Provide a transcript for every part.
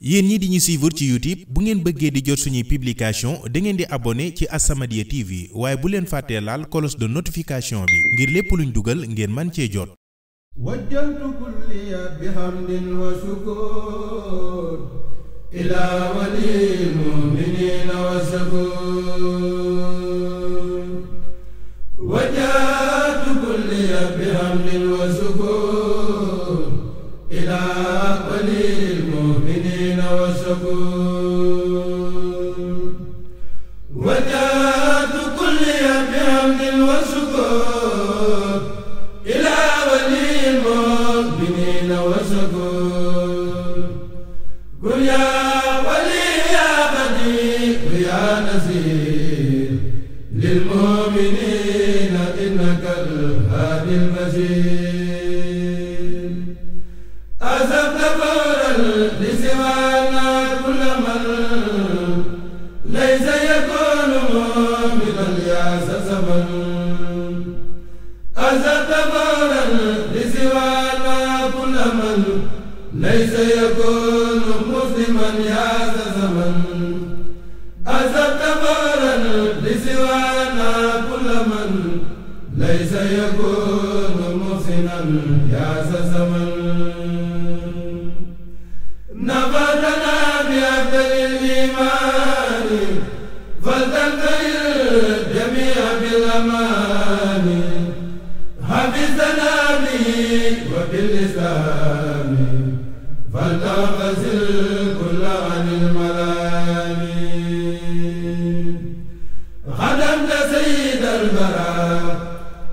yéen ñi di ñu suivre ci YouTube bu ngeen bëggee di jot suñuy publication da ngeen di abonné ci As-Samadiyya TV waaye bu leen fàttee laal kolos de notification bi ngir lépp luñ dugal ngeen man cee jot wajjahtu kulliya bihamdin wa shukur ila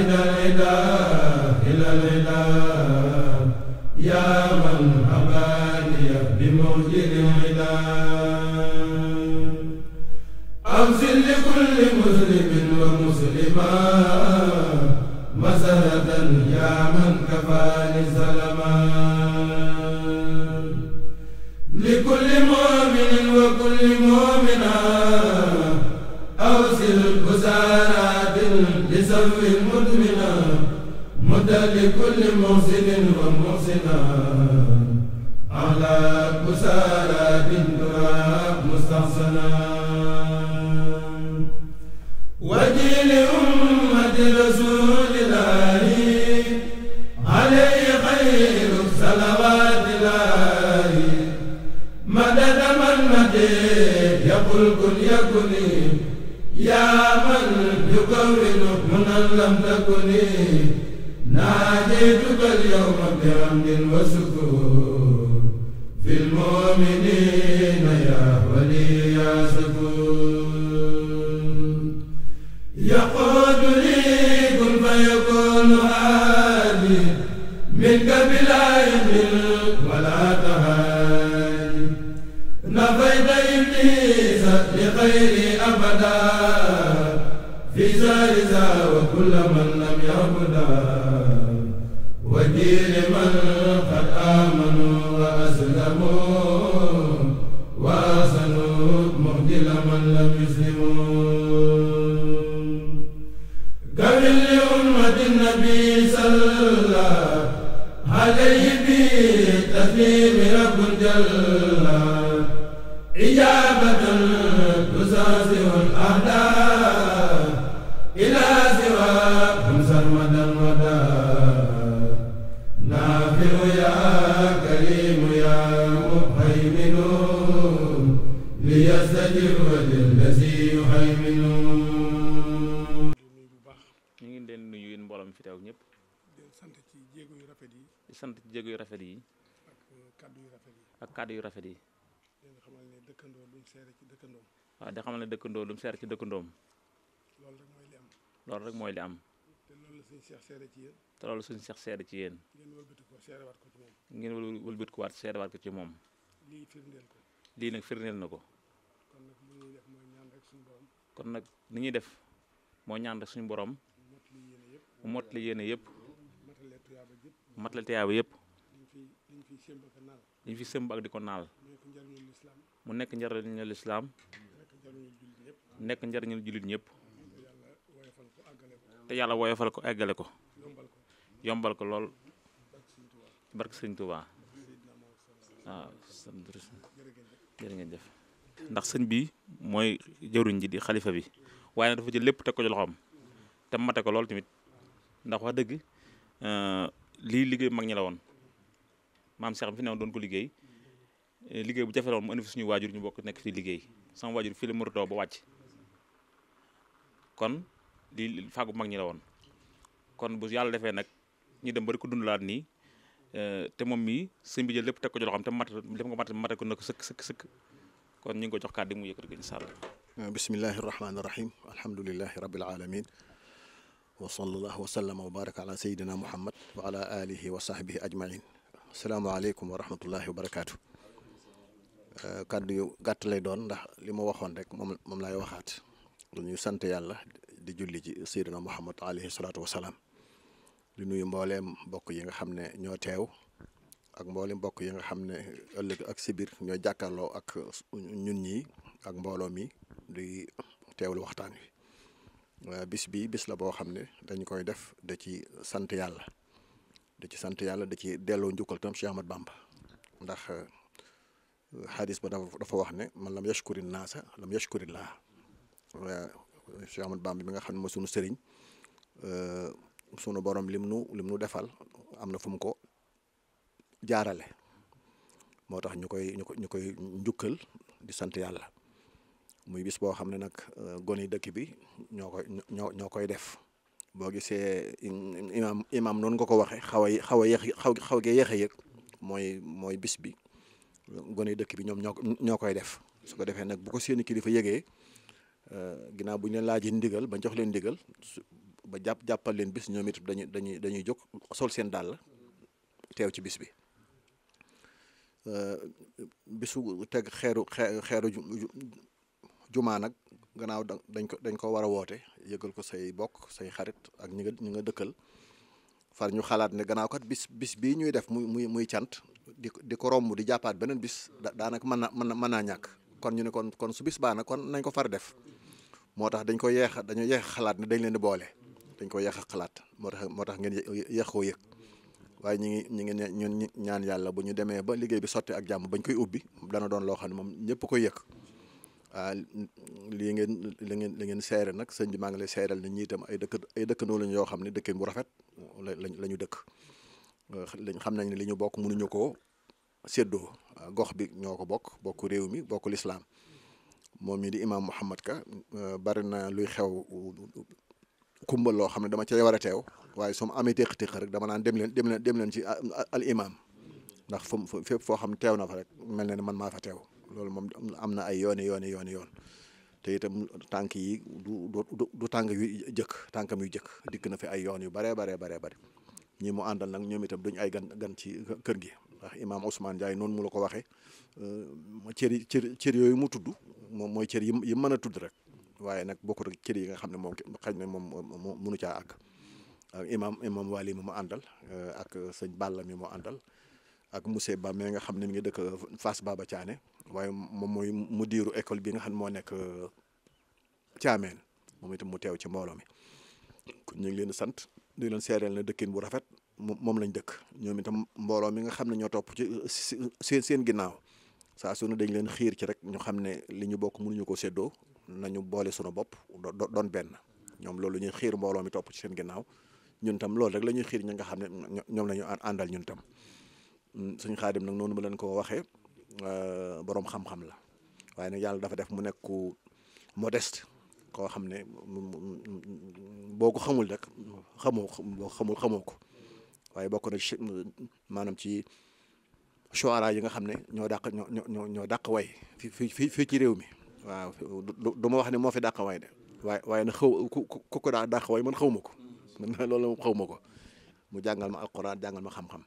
ila ila ila rafet yi. ak euh, yu rafet yi. ak yu rafet yi. di nga xamal ne dëkkandoo lu mu seere ci dëkkandoom. waaw di xamal ne dëkkandoo lu mu seere ci dëkkandoom. rek mooy li am. loolu rek mooy li am. te loolu la ci yéen. te loolu suñu seex seere ci yéen. ci moom. ngeen wëlbati ko ko ci moom. lii firndeel nag firndeel na ko. kon nag li ñuy def mooy ñaan rek suñu borom. moo nag li ñuy def mooy ñaan rek suñu borom. mu li ko naal mu nekk njariñu lislaam nekk njariñu jullit ñëpp te yàlla woyofal ko eggale ko yombal ko lool sëñ Tuubaa ndax sëñ bi mooy jëwriñ ji di xalifa bi waaye nag dafa jël lépp teg ko ci loxoom te mate ko lool tamit ndax wax dëgg euh, lii liggéey mag ñi la woon maam Cheikh bi fi newoon doon ko liggéey eh, liggéey bu jafe la woon mu indi suñu waajur ñu bokk nekk fi liggéey sama waajur fii la Mourto bo wàcc kon li mag ñi la woon kon bu yàlla defee nag ñu dem bari ko dundalaat nii eh, te moom mii sëñ bi jël lépp teg ko jox xam te mat lépp nga mat mate sëkk sëkk sëkk kon ñu ngi ko jox kàddu mu yëkkati ko incha allah eh, bismillahi rahmaani rahim alhamdulilahi rabbil alamin wa sallallahu wa sallama wa baraka ala sayidina muhammad wa ala alihi wa sahbihi salaamaaleykum wa rahmatullahi wa barakaatu euh, kàddu yu gàtt lay doon ndax li ma waxoon rek moom moom laay waxaat lu ñuy sant yàlla di julli ci sayyidina Muhammad alayhi salaatu salaam di nuyu mbooleem mbokk yi nga xam ne ñoo teew ak mbooleem mbokk yi nga xam ne ëllëg ak sibir ñoo jàkkaarloo ak ñun ñi ak mbooloo mi di teewlu waxtaan wi euh, bis bi bis la boo xam ne dañ koy def da ci sant yàlla da ci sant yàlla da ci delloo njukkal tam Cheikh Ahmad Bamba ndax xadis euh, ba dafa wax ne man lam yashkuri naasa lam yashkuri laa Cheikh Ahmad Bamba bi nga xam ne ma sunu sëriñ euh, sunu borom lim nu lim nu defal am na fu mu ko jaarale moo tax ñu koy ñu koy ñu koy njukkal di sant yàlla muy bis boo xam ne nag euh, gone yi dëkk bi ñoo koy ñoo koy def boo gisee imaam imaam noonu nga ko waxee xaw a xaw a yéex xaw xaw gee yéex a yëg mooy mooy bis bi gone dëkk bi ñoom ñoo ñoo koy def su ko defee nag bu ko seeni kilifa yëgee euh, ginnaaw bu ñu leen yi ndigal ba jox leen ndigal ba jàpp jàppal leen bis ñoom it dañuy dañuy dañuy jóg sol seen dàll teew ci bis bi euh, bisu teg xeeru xeeru jumaa nag gannaaw dañ ko dañ ko war a woote yëgal ko say bokk say xarit ak ñu nga nga dëkkal far ñu xalaat ne gannaaw kat bis bis bii ñuy def muy muy muy cant di ko di ko romb di jàppaat beneen bis daanaka mën na mën na mën naa ñàkk kon ñu ne kon kon su bis baa na kon nañ ko far def moo tax dañ ko yeex dañu yeex xalaat ne dañ leen di boole dañ ko yeex xalaat moo tax moo tax ngeen yeex koo yëg waaye ñu ngi ñu ngi ñun ñaan yàlla bu ñu demee ba liggéey bi sotti ak jàmm bañ koy ubbi dana doon loo xam ne moom ñëpp koy yëg ah lii ngeen li ngeen li ngeen seere nag sëñ bi maa ngi lay seeral nit ñi itam ay dëkk ay dëkkandoo lañ yoo xam ne dëkkin bu rafet lañ la dëkk lañ xam nañ ne li ñu bokk mënuñu ko séddoo ah, gox bi ñoo ko bokk bokk réew mi bokk lislaam moom mi di imaam Mouhamad Ka ah, bari na luy xew kumbal loo xam ne dama cay war a teew waaye soo ma amee téq-téq rek dama naan dem leen dem leen dem leen ci ah, al imaam ndax fu mu fépp foo xam teew na fa rek mel na ne man maa fa teew. loolu moom am na ay yooni yooni yooni yoon te itam tànk yi du du du tànk yu jëkk tànkam yu jëkk dikk na fi ay yoon yu baree baree baree bëri ñii mu àndal nag ñoom itam duñ ay gan gan ci kër gi ndax imaam Ousmane Ndiaye noonu mu la ko waxee euh, cër yi cër cër yooyu mu tudd moom mooy cër yi yi mën a tudd rek waaye nag bokkul ak cër yi nga xam ne moom xëy na moom moo mënu caa àgg ak imaam imaam Waly mi mu àndal euh, ak sëñ Balla mi mu àndal ak monsieur Ba mi nga xam ne mu ngi dëkk Fass baaba caane waaye moom mooy mu diiru école bi nga xam ne moo nekk caameen euh, moom itam mu teew ci mbooloo mi kon ñu ngi leen sant di leen seereel na bu rafet moom lañ dëkk ñoom itam mbooloo mi nga xam ne ñoo topp ci euh, seen seen ginnaaw saa sunu dañ leen xiir ci rek ñu xam ne li ñu bokk munuñu ko séddoo nañu boole sunu bopp doon benn ñoom loolu ñuy xiir mbooloo mi topp ci seen ginnaaw ñun tam loolu rek la ñuy xiir ñi nga xam ne ñoom lañu ñu àndal ñun tam mm, suñu xaadim nag noonu ma leen ko waxee Euh, boroom xam-xam la waaye nag yàlla dafa def mu nekk ku modeste koo xam ne boo ko xamul rek xamoo xamul xamoo ko waaye bokk na ci maanaam ci choara yi nga xam ne ñoo daq ñoo ñoo ñoo dàq way fii fii fii ci réew mi waaw du ma wax ne moo fi dàq way de waaye waaye nag xaw ku ko daa dàq way man xaw ma ko man xaw ma ko mu jàngal ma alquran jàngal ma xam-xam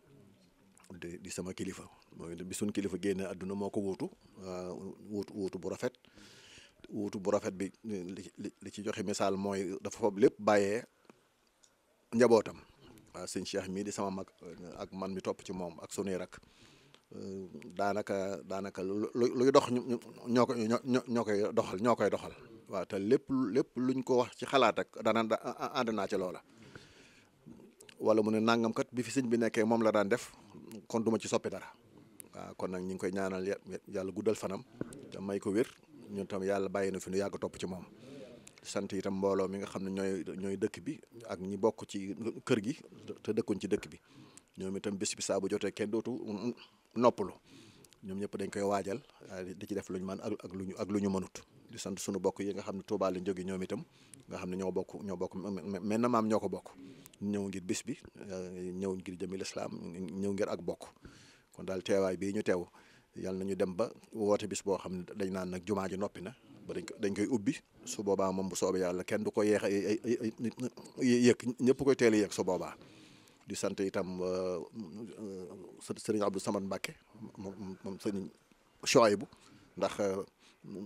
di sama kilifa mooy bi suñ kilifa génne àdduna moo ko wuutu wuutu wuutu bu rafet wuutu bu rafet bi li ci joxe misaal mooy dafa fab lépp bàyyee njabootam waaw sëñ Cheikh mii di sama mag ak man mi topp ci moom ak sunuy rak daanaka daanaka luy dox koy doxal ñoo koy doxal waaw lépp lépp luñ ko wax ci xalaat ak dana ànd naa ci loola wala mu ne nàngam kat bi fi sëñ bi nekkee moom la daan def kon duma ci soppi dara waaw kon nag ñu ngi koy ñaanal yàlla guddal fanam te may ko wér ñun tam yàlla bàyyi na fi nu yàgg topp ci moom sant itam mbooloo mi nga xam ne ñooy dëkk bi ak ñi bokk ci kër gi te dëkkuñ ci dëkk bi ñoom itam bés bi saa bu jotee kenn dootu noppalu ñoom ñëpp dañ koy waajal di ci def lu ñu mën ak lu ñu ak lu ñu mënut di sant sunu bokk yi nga xam ne Tuubaa lañ jóge ñoom itam nga xam ne ñoo bokk ñoo bokk mel na maam ñoo ko bokk ñëw ngir bis bi ñëw ngir jëmi lislaam ñëw ngir ak bokk kon daal teewaay bii ñu teew yal na ñu dem ba woote bis boo xam ne dañ naan nag jumaa ji noppi na ba dañ ko dañ koy ubbi su boobaa moom bu soobee yàlla kenn du ko yeex yëg ñëpp koy teel a yëg su boobaa di sant itam euh, euh, sëriñ Abdou Samad Mbacke moom sëriñ Chouaïbou ndax euh,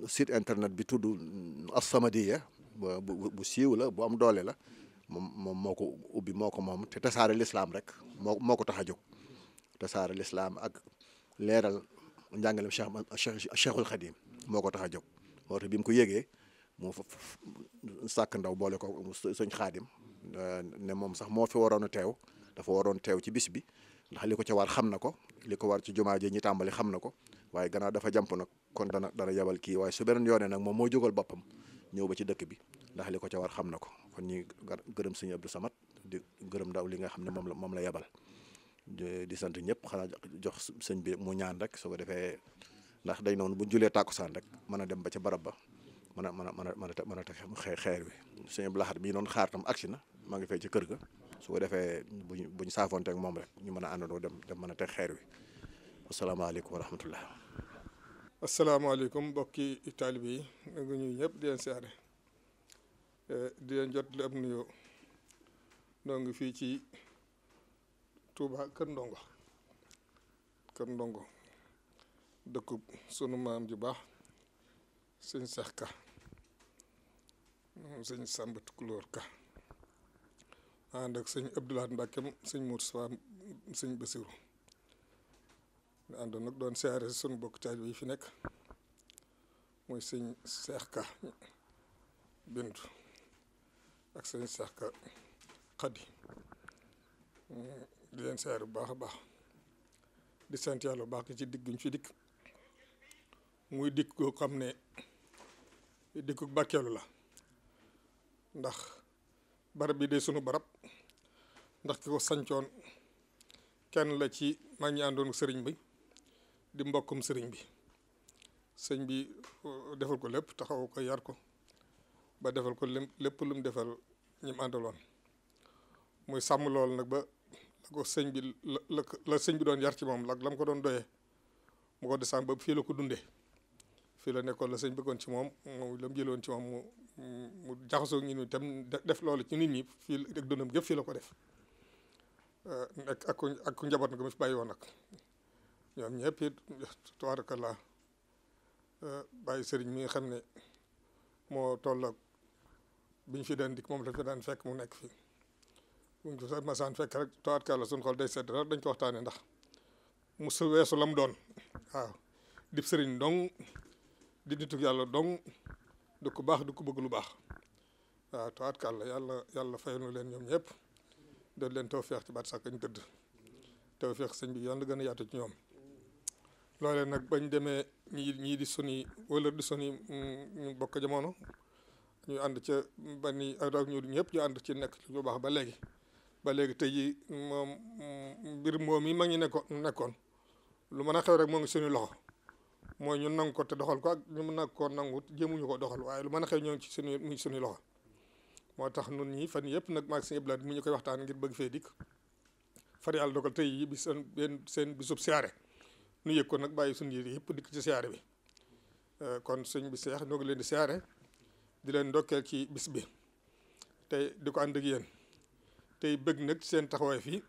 site internet bi tudd As-Samadiyya bu bu siiw la bu am doole la moom moom moo ko ubbi moo ko moom te tasaare lislaam rek moo moo ko tax a jóg tasaare lislaam ak leeral njàngalem Cheikh Cheikhul Khadim moo ko tax a jóg moo bi mu ko yëgee mu sàkk ndaw boole ko sëñ Xaadim ne moom sax moo fi waroon a teew dafa waroon teew ci bis bi ndax li ko ca war xam na ko li ko war ci jumaa jee ñi tàmbali xam na ko waaye gannaaw dafa jàmp nag kon dana dana yabal kii waaye su beneen yoonee nag moom moo jogal boppam ñëw ba ci dëkk bi ndax li ko ca war xam na ko kon ñi gërëm sëñ Abdou samat di gërëm ndaw li nga xam ne moom la moom la yebal di sant ñëpp xanaa jox sëñ bi mu ñaan rek su ko defee ndax day noonu bu julee tàkkusaan rek mën a dem ba ca barab ba mën a mën a mën a mën a taxe xeer wi sëñ Abdou Lahad bii noonu xaar tam agsi na maa ngi fay ci kër ga su ko defee buñ buñ saafoonteek moom rek ñu mën a àndandoo dem dem mën a teg xeer wi asalaamaaleykum wa rahmatullah asalaamaaleykum mbokki taalibe yi nga ñuy ñëpp di leen siyaare di leen jot lu am nuyoo noo ngi fii ci Touba Kër Ndongo Kër Ndongo dëkkub sunu maam ju baax sëñ Seex Ka moom sëñ Sàmba Tukulóor Ka ànd ak sëñ Abdoulaye Mbàkke sëñ Moussa sëñ Basiru ñu àndoon nag doon siyaare suñu bokk taalibe yi fi nekk muy sëñ Seex Ka Bintu ak sëñ Seex Ka leen siyaare bu baax a baax di sant yàlla bu baax ci digg ñu fi dikk muy dikk koo xam ne dikku bàkkeelu la ndax barab bi de sunu barab ndax ki ko sancoon kenn la ci mag ñi àndoon sëriñ bi di mbokkum sëriñ bi sëñ bi uh, defal ko lépp taxaw ko yar ko ba defal ko lépp lu mu defal ñi mu àndaloon muy sàmm lool nag ba la ko sëñ bi la la sëñ bi doon yar ci moom la la ko doon doyee mu ko di sàmm ba fii la ko dundee fii la nekkoon la sëñ bëggoon ci moom moom la mu jëloon ci moom mu mu jaxasoo ñu ni tam def loolu ci nit ñi fii ak dundam gépp fii la ko def nekk uh, ak ku njaboot nag mu fi bàyyi woon nag ñoom ñëpp it tabaarakallaa eh, bàyyi sëriñ mi nga xam ne moo toll ak biñ fi daan dikk moom la fi daan fekk mu nekk fi buñ ko masaan fekk rek tabaarakallaa suñ xol day sedd rek dañ ko waxtaane ndax mu su weesu lam doon waaw dib sëriñ dong di nituk yàlla dong du ko baax du ko bëgg lu baax waaw la yàlla yàlla fay nu leen ñoom ñëpp de leen feex ci baat sàkk ñu tëdd tawfeex sëñ bi yàlla gën a yaatu ci ñoom loole nag bañ demee ñi ñii di suni wala di suni ñu bokk jamono ñu ànd ca ba ni ak ñu ñëpp ñu ànd ci nekk ci lu baax ba léegi ba léegi tey jii moom mbir moom yi mag ñi nekkoon nekkoon lu man a xew rek moo ngi suñu loxo mooy ñu nangu doxal ko ak ñu mën a ko nangut ko doxal waaye lu mën a xew ñoo ci suñu mu suñu loxo moo tax nun ñi fan yëpp nag maag sëñ Abdoulaye mu ñu koy waxtaan ngir bëgg fee dikk far yàlla dogal tey yi bi seen bisub siyaare nu yëg ko nag bàyyi suñu yii yëpp dikk ci siyaare bi euh, kon sëñ bi seex ñoo ngi leen di siyaare di leen ndokkeel ci bis bi tey di ko ànd yéen tey bëgg nag seen taxawaay fii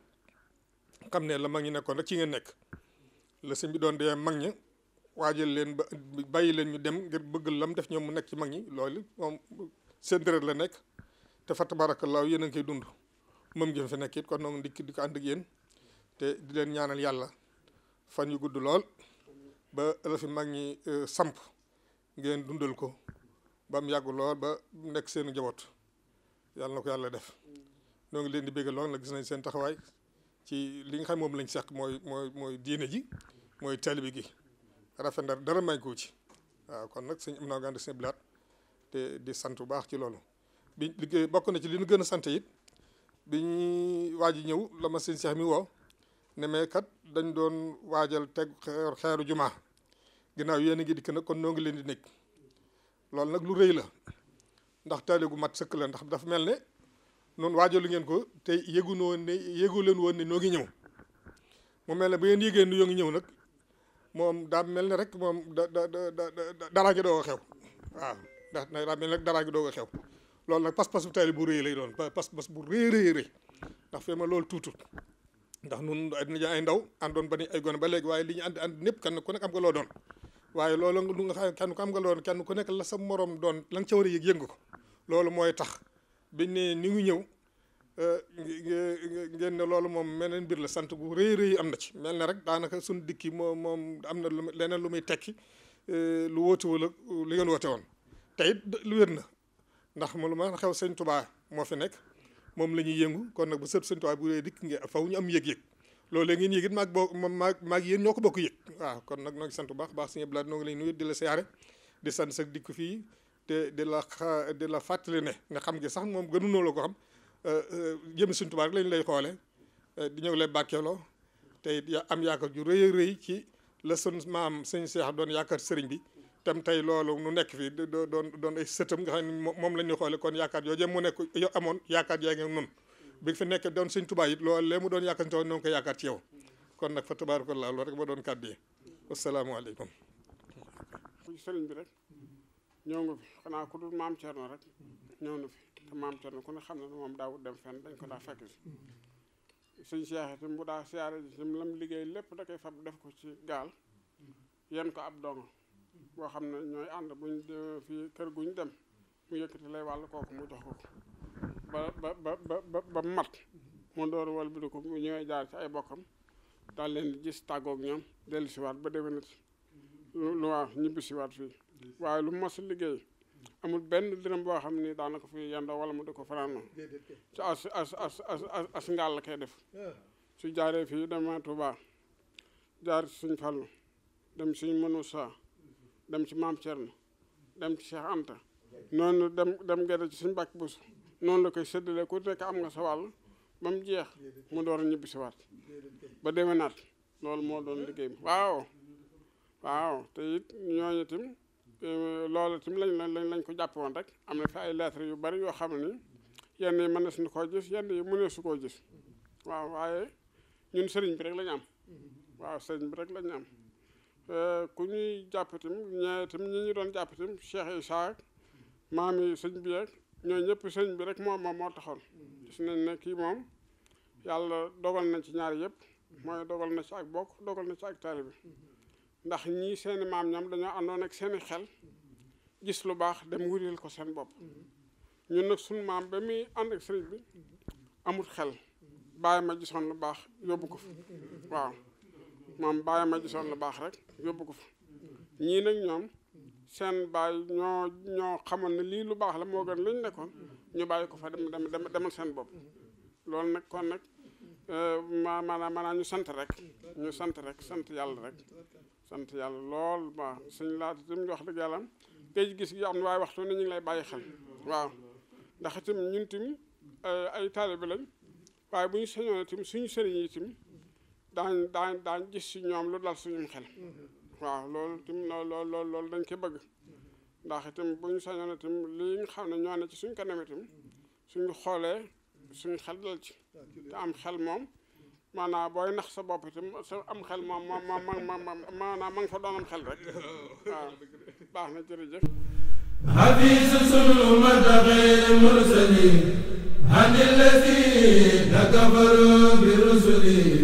xam ne la mag ñi nekkoon rek ci ngeen nekk la sëñ bi doon dee mag ñi waajal leen ba bàyyi leen ñu dem ngir bëgg lam def ñoom mu nekk ci mag ñi loolu moom seen la nekk te fa tabaarakallaahu yéen a ngi koy dund moom ngeen fi nekk it kon noonu di di ko ànd ak yéen te di leen ñaanal yàlla fan yu gudd lool ba la fi mag ñi euh, samp ngeen dundal ko ba mu yàgg lool ba nekk seen njaboot yàlla na ko yàlla def ñoo ngi leen di bégg lool na gis nañ seen taxawaay ci li nga xam moom lañ seq mooy mooy mooy diine ji mooy taalibe gi rafet ndar dara may ko ci waaw kon nag sëñ am naa gànd sëñ Blaat te di sant bu baax ci loolu bi liggéey bokk na ci li ñu gën a sant it bi ñuy waaj a ñëw la ma sëñ Cheikh mi woo ne mais kat dañ doon waajal teg xeeru juma ginnaaw yéen a ngi dikk nag kon noo ngi leen di nekk lool nag lu rëy la ndax taale gu mat sëkk la ndax dafa mel ne noonu waajalu ngeen ko te yëgu woon ne yëgu leen woon ne noo ngi ñëw mu mel ne bu ngeen yëgee ni yoo ngi ñëw nag moom daa mel ne rek moom da da da dara gi doog a xew waaw ndax daa mel ne rek dara gi doog a xew loolu nag pas-pas bu taale bu rëy lay doon pas-pas bu rëy rëy ndax fee ma loolu tuutut ndax nun dañu ay ndaw àndoon ba ni ay gone ba léegi waaye li ñu ànd ànd ñëpp kenn ku nekk am nga loo doon waaye loolu lu nga xam kenn ku am nga loo doon kenn nekk la sa morom doon la nga ca a yëg yëngu ko loolu mooy tax biñ ni ngi ñëw euh, ngeen ne loolu moom meneen mbir la sant bu rëy rëy am na ci mel na rek daanaka suñ dikki moom moom am na lu leneen lu muy tekki euh, lu woote wala li ngeen woote woon te it lu wér na ndax mu lu ma xew sëñ Tubaa moo fi nekk moom la ñuy yëngu kon nag bu sëb sëñ Tuubaa bu dee dikk nga faw ñu am yëg-yëg loolee ngeen yëg it maag boo maag maag yéen ñoo ko bokk yëg waaw kon nag noo ngi sant baax baax sëñ Abdou Lahad noo ngi lay di la siyaare di sant sa dikk fii te di la di la fàttali ne nga xam ngi sax moom gënu noo la ko xam euh, euh, jëm sëñ Tuubaa rek lañ lay xoole euh, di ñëw lay bàkkeeloo te it am yaakaar ju rëy a rëy ci la sunu maam sëñ Seex doon yaakaar sëriñ bi tam tey loolu nu nekk fii doon doon ay sëtam nga xam ne moom la ñu xoole kon yaakaar yooyu yëpp mu nekk yo amoon yaakaar yaa ngi nun bi fi doon sëñ Tuubaa it loolu lee mu doon yaakaar si noonu ko yaakaar ci yow kon nag fa tabaarakallaa loolu rek ba doon kàddu yi asalaamaaleykum bi rek xanaa ku dul maam Cerno rek fi te maam Cerno ku ne xam moom daawut dem fen dañ ko daa fekk si sëñ Seex itam bu daa siyaare ji itam liggéey lépp da koy fab def ko ci gaal yenn ko ab dongo boo xam ne ñooy ànd buñ fii kër ñu dem mu yëkkati lay wàll kooku mu jox ko ba ba ba ba ba mat mu door wal bi ko mu ñëwee jaar ci ay bokkam daal leen di gis tàggoog ñoom dellu siwaat ba déwénat lu waaw ñibbi siwaat fii waaye lu mos liggéey amul benn dërëm boo xam ni daana ko fi yendoo wala mu di ko fanaanoo ci as as as as as ngàll kay def su jaaree fii dama Tuubaa jaar suñ Fallu dem suñ mënu saa dem ci maam Thierno dem ci Cheikh Anta noonu dem dem gerte ci suñu Mbàkke Buso noonu la koy séddale ku nekk am nga sa wàll ba mu jeex mu door a ñibbi si waat ba demee naat loolu moo doon liggéey bi waaw waaw te it ñooñu itam eh, loolu itam lañ lañ lañ ko jàpp woon rek am na fi ay lettres yu bari yoo xam ne yenn yi mën na koo gis yenn yi mënee su koo gis waaw waaye ñun sëriñ bi rek lañ am waaw sëriñ bi rek lañ am Euh, ku ñuy jàpp itam ñee itam ñu doon jàpp itam Cheikh Issa maam yi sëñ bi yeeg ñooñu ñëpp sëñ bi rek moom moo taxoon gis nañ ne kii moom yàlla dogal nañ ci ñaar yëpp mooy dogal na ci ak bokk dogal na ci ak taalibe ndax ñii seeni maam ñoom dañoo àndoon ak seeni xel gis lu baax dem wuril ko seen bopp ñu nag suñu maam ba muy ànd ak sëriñ bi amul xel bàyyi ma gisoon lu baax yóbbu ko fa waaw maam bàyyi ma gisoon lu baax rek yóbbu ko fa ñii nag ñoom seen bàyyi ñoo ñoo xamal ne lii lu baax la moo gën lañ nekkoon ñu bàyyi ko fa dem dem dem demal seen bopp loolu nag kon nag euh, ma maanaam maanaam ñu sant rek ñu sant rek sant yàlla rek sant yàlla lool waaw suñ laata itam wax dëgg yàlla géej gis gi am na waaye waxtu ne ñu lay bàyyi xel waaw ndax itam ñun tim euh, ay taalibe lañ waaye bu ñu sañoon itam suñu sëriñ yi itam daañ daañ daañ gis si ñoom lu dal suñu xel mm-hmm. waaw loolu tim dañ ko bëgg mm-hmm. ndax itam bu ñu sañoon itam li nga xam ne ñoo ne ci suñ kanam itam mm-hmm. suñu xoolee suñu xel dal ci ah, te am xel moom maanaa booy ndax sa bopp itam sa am xel moom moom moom maanaam ma nga fa doon am xel rek baax na jërëjëf حفيظ سلمة غير مرسلين عن الذين كفروا برسلهم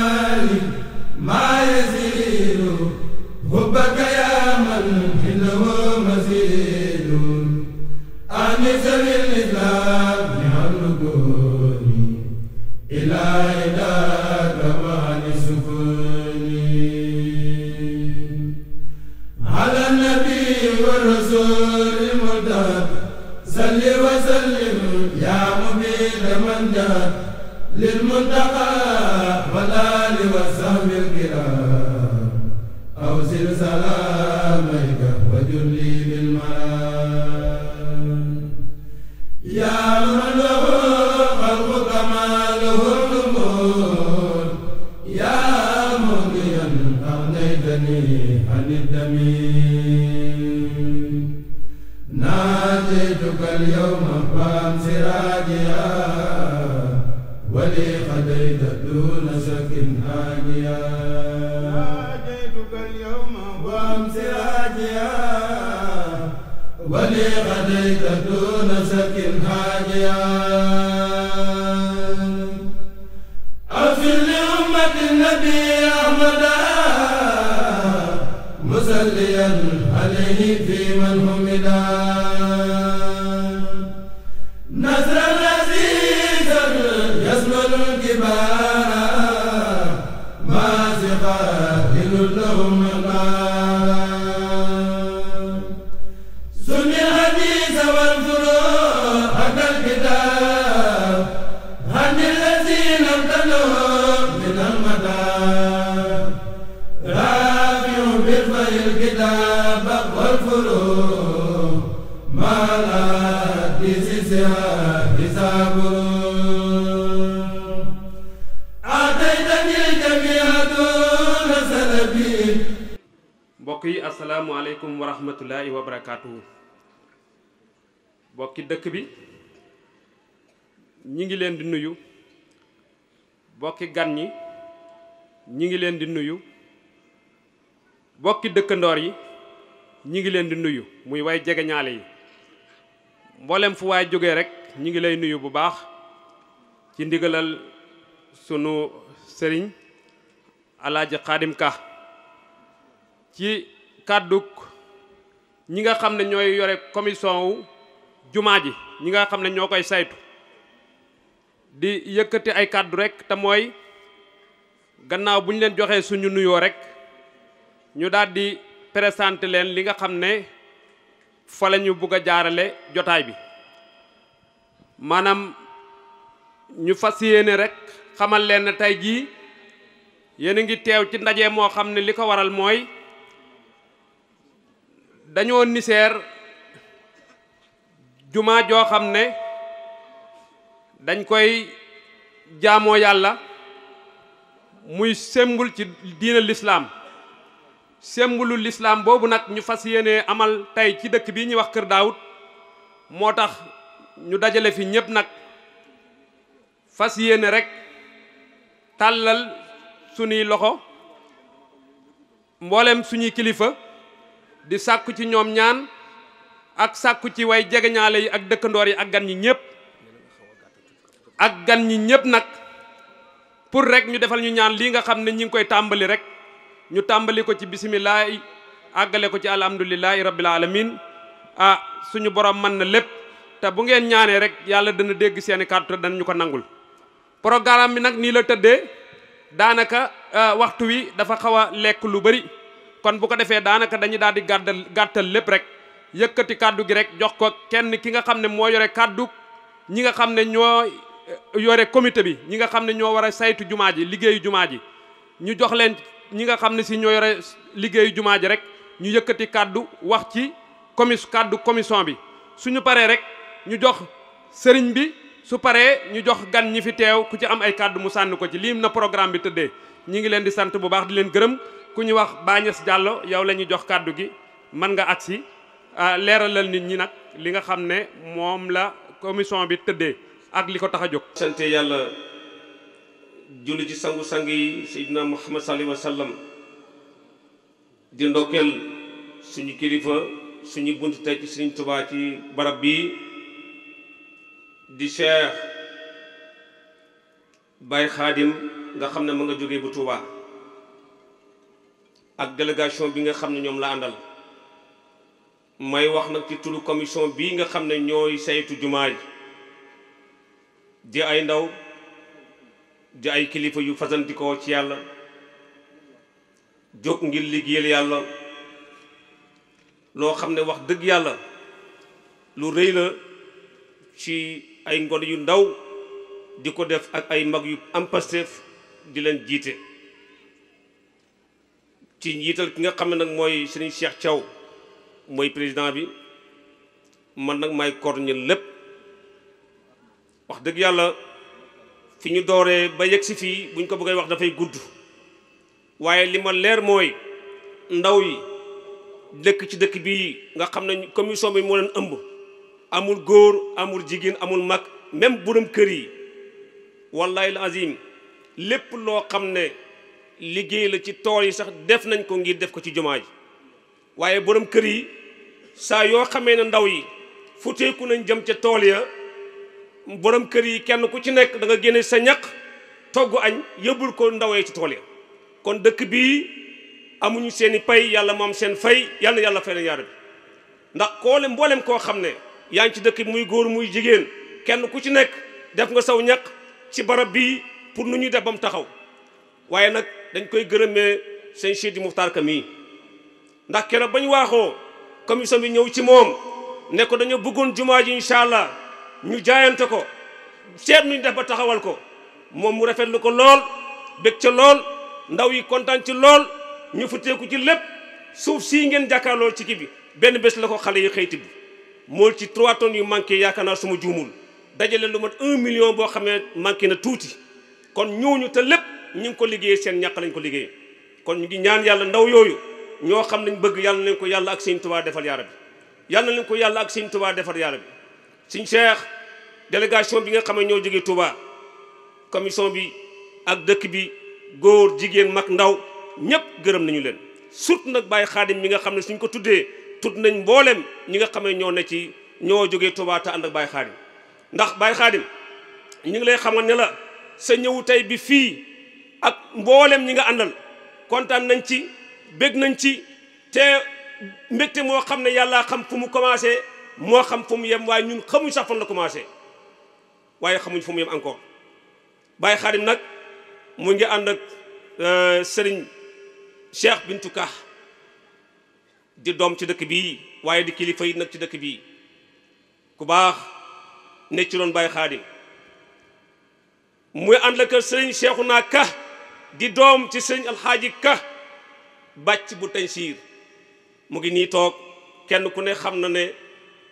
نحمدك اليوم بام سراجيا ولي خديت دون شك هاجيا ناجيتك اليوم بام سراجيا ولي خديت دون شك هاجيا أغفر لأمة النبي أحمد مسليا عليه في من همدا asalaamualeykum wa rahmatullahi wa bokki dëkk bi ñi ngi leen di nuyu bokki gan ñi ñi ngi leen di nuyu bokki dëkkandoor yi ñi ngi leen di nuyu muy way ñaale yi mboolem fu waay jógee rek ñi ngi lay nuyu bu baax ci ndigalal sunu sëriñ alaaji xaadim ka ci kàddug ñi nga xam ne ñooy yore commission jumaa ji ñi nga xam ne ñoo koy saytu di yëkkati ay kàddu rekk te mooy gannaaw bu ñu leen joxee suñu nuyoo rek ñu daal di présenter leen li nga xam ne fa ñu bugg a jaarale jotaay bi maanaam ñu fas yéene rek xamal leen tey jii yéen a ngi teew ci ndaje moo xam ne li ko waral mooy dañoo niseer jumaa joo xam ne dañ koy jaamoo yàlla muy sembul ci diina lislaam sembulu lislaam boobu nag ñu fas yéene amal tey ci dëkk bi ñuy wax Kër Daawut moo tax ñu dajale fi ñépp nag fas yéene rekk tàllal suñuy loxo mbooleem suñuy kilifa di sàkku ci ñoom ñaan ak sàkku ci way jegeñaale yi ak dëkkandoor yi ak gan ñi ñëpp ak gan ñi ñëpp nag pour rek ñu defal ñu ñaan lii nga xam ne ñi ngi koy tàmbali rek ñu tàmbali ko ci bisimilahi àggale ko ci alhamdulilahi rabbil alamin ah suñu borom mën na lépp te bu ngeen ñaanee rek yàlla dina dégg seeni kàddu te danañu ko nangul programme bi nag nii la tëddee daanaka euh, waxtu wi dafa xaw a lekk lu bari kon bu ko defee daanaka dañu daal di gàddal gàttal lépp rek yëkkati kàddu gi rek jox ko kenn ki nga xam ne moo yore kàddu ñi nga xam ne ñoo eh, yore comité bi ñi nga xam ne ñoo war a saytu jumaa ji liggéeyu jumaa ji ñu jox leen ñi nga xam ne si ñoo yore liggéeyu jumaa ji rek ñu yëkkati kàddu wax ci commis kàddu commission bi su ñu paree rek ñu jox sëriñ bi su paree ñu jox gan ñi fi teew ku ci am ay kàddu mu sànni ko ci lim na programme bi tëddee ñi ngi leen di sant bu baax di leen gërëm ku ñu wax Bañes jàlloo yow lañuy jox kàddu gi mën nga agsi ah, leeralal nit ñi nag li nga xam ne moom la commission bi tëddee ak li ko tax a jóg. sant yàlla julli ci sangu-sang yi Seydina Muhammad sallallahu alayhi di ndokkeel suñu kilifa suñu bunt tey ci Sëriñ ci barab bi di Cheikh Baye Khadim nga xam ne mu nga jóge bu Tuubaa ak délégation bi nga xam ne ñoom la àndal may wax nag ci turu commission bii nga xam ne ñooy saytu jumaa ji di ay ndaw di ay kilifa yu fasantikoo ci yàlla jóg ngir liggéeyal yàlla loo xam ne wax dëgg yàlla lu rëy la ci ay ngone yu ndaw di ko def ak ay mag yu am di leen jiite ci njiital ki nga xam ne nag mooy Serigne Cheikh cew mooy président bi man nag may coordonner lépp wax dëgg yàlla fi ñu dooree ba yegg si fii buñ ko bëggee wax dafay gudd waaye li ma leer mooy ndaw yi dëkk ci dëkk bii nga xam ne commission bi moo leen ëmb amul góor amul jigéen amul mag même borom kër yi wallahi la azim lépp loo xam ne liggéey la ci tool yi sax def nañ ko ngir def ko ci jumaa ji waaye borom kër yi saa yoo xamee ne ndaw yi futeeku nañ jëm ca tool ya borom kër yi kenn ku ci nekk da nga génne sa ñaq togg añ yëbbul ko ndawee ci tool ya kon dëkk bii amuñu seeni i pay yàlla moom seen fay yàlla yàlla fay yaar bi ndax koole mboolem koo xam ne yaa ngi ci dëkk bi muy góor muy jigéen kenn ku ci nekk def nga saw ñaq ci barab bii pour nu ñu def ba mu taxaw waaye nag dañ koy gërëmee sëñ Sidi Muxtaar Ka mii ndax keroog bañ waaxoo commission bi ñëw ci moom ne ko dañoo bëggoon jumaa ji incha allah ñu jaayante ko seet nuñ def ba taxawal ko moom mu rafetlu ko lool bég ca lool ndaw yi kontaan ci lool ñu futteeku ci lépp suuf sii ngeen jàkkaarloo ci kii bi benn bés la ko xale yi xëyti bi mool ci trois tonnes yu manqué yaakaar naa suma juumul dajale lu mat un million boo xam ne manqué na tuuti kon ñooñu te lépp ñu ngi ko liggéey seen ñàq lañ ko liggéey kon ñu ngi ñaan yàlla ndaw yooyu ñoo xam lañ bëgg yàlla nañ ko yàlla ak sëñ Tuubaa defal yaara bi yàlla nañ ko yàlla ak sëñ Tuubaa defal yaara bi sëñ bi nga xam ne ñoo jógee Touba commission bi ak dëkk bi góor jigéen mag ndaw ñëpp gërëm nañu leen surtout nag Baye Xaadim mi nga xam ne suñ ko tuddee tudd nañ mbooleem ñi nga xam ne ñoo ne ci ñoo jógee Touba te ànd ak Baye Xaadim ndax Baye Xaadim ñu ngi lay xamal ne la sa ñëwu tey bi ak mboolem ñi nga àndal kontaan nañ ci bég nañ ci te mbégte moo xam ne yàlla xam fu mu commencé moo xam fu mu yem waaye ñun xamuñ sax fan la commencé waaye xamuñ fu mu yem encore Baye Xaadim nag mu ngi ànd ak euh, sëriñ Cheikh Bintu Ka di doom ci dëkk bii waaye di kilifa yi nag ci dëkk bii ku baax ne ci doon Baye ànd ak sëriñ Cheikhouna Ka di doom ci sëñ alxaaji ka bàcc bu tañ mu ngi nii toog kenn ku ne xam na ne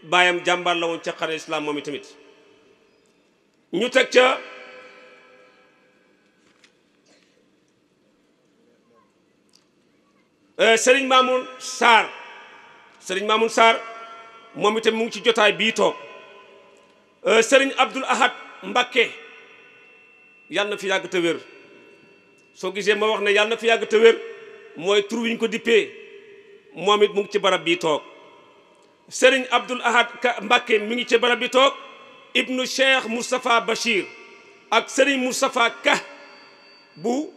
baayam jàmbaar la woon ca xare islaam moom i tamit ñu teg ca eh, sëriñ Mamoun Sarr sëriñ Mamoun Sarr moom itam mu ngi ci jotaay bii toog eh, sëriñ Abdul Ahad Mbakke yàlla na fi yàgg te wér soo gisee ma wax ne yàlla na fi yàgg te wér mooy tur wi ko dippee moom it mu ngi ci barab bi toog Serigne Abdoul Ahad Mbacke ngi ci barab bi toog ibnu Cheikh Moustapha Bachir ak Serigne Moustapha Ka bu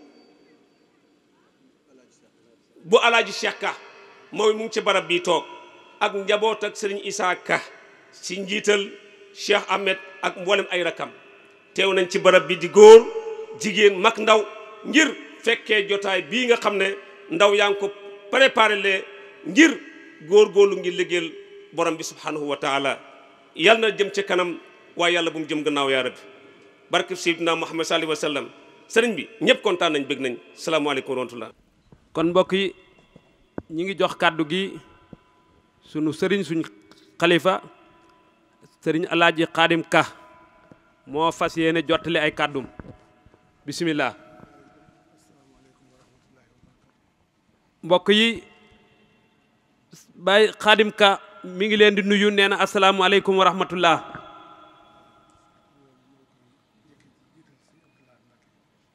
bu alaaji Cheikh Ka mooy mu ngi ci barab bi toog ak njaboot ak Serigne Issa Ka si njiital Cheikh Ahmed ak mboolem ay rakam teew nañ ci barab bi di góor jigéen mag ndaw ngir fekkee jotaay bii nga xam ne ndaw yaa ngi ko préparé lee ngir góorgóorlu ngir liggéeyal borom bi subhanahu wa taala yal na jëm ci kanam waaye yàlla bu mu jëm gannaaw yaa rabbi barke Seydina Muhammad sallallahu alayhi wa sallam sëriñ bi ñëpp kontaan nañ bëgg nañ salaamaaleykum wa rahmatullah kon mbokk yi ñi ngi jox kàddu gi sunu sëriñ suñ xalifa sëriñ alaaji xaadim ka moo fas yéene jottale ay kàddum bisimilah mbokk yi bay Xaadim Ka mi ngi leen di nuyu nee na asalaamualeykum wa rahmatullah